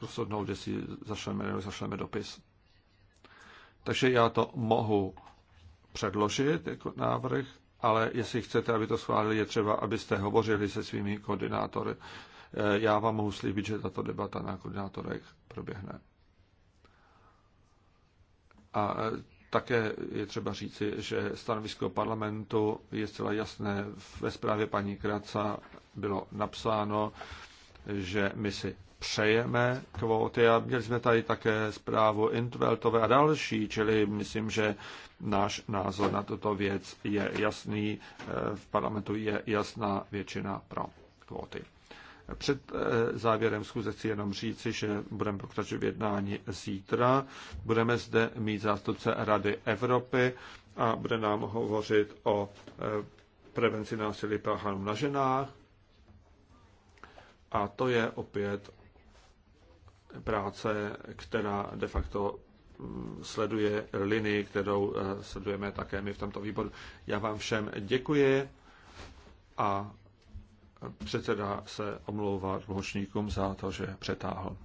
rozhodnout, jestli zašleme nebo zašleme dopis. Takže já to mohu předložit jako návrh, ale jestli chcete, aby to schválili, je třeba, abyste hovořili se svými koordinátory. Eh, já vám mohu slíbit, že tato debata na koordinátorech proběhne. A eh, také je třeba říci, že stanovisko parlamentu je zcela jasné. Ve zprávě paní Kraca bylo napsáno, že my si přejeme kvóty a měli jsme tady také zprávu Intveltové a další, čili myslím, že náš názor na tuto věc je jasný. Eh, v parlamentu je jasná většina pro kvóty. Před eh, závěrem schůze chci jenom říci, že budeme pokračovat v jednání zítra. Budeme zde mít zástupce Rady Evropy a bude nám hovořit o eh, prevenci násilí páchanou na ženách. A to je opět práce, která de facto mm, sleduje linii, kterou eh, sledujeme také my v tomto výboru. Já vám všem děkuji a předseda se omlouvá tlumočníkům za to, že přetáhl.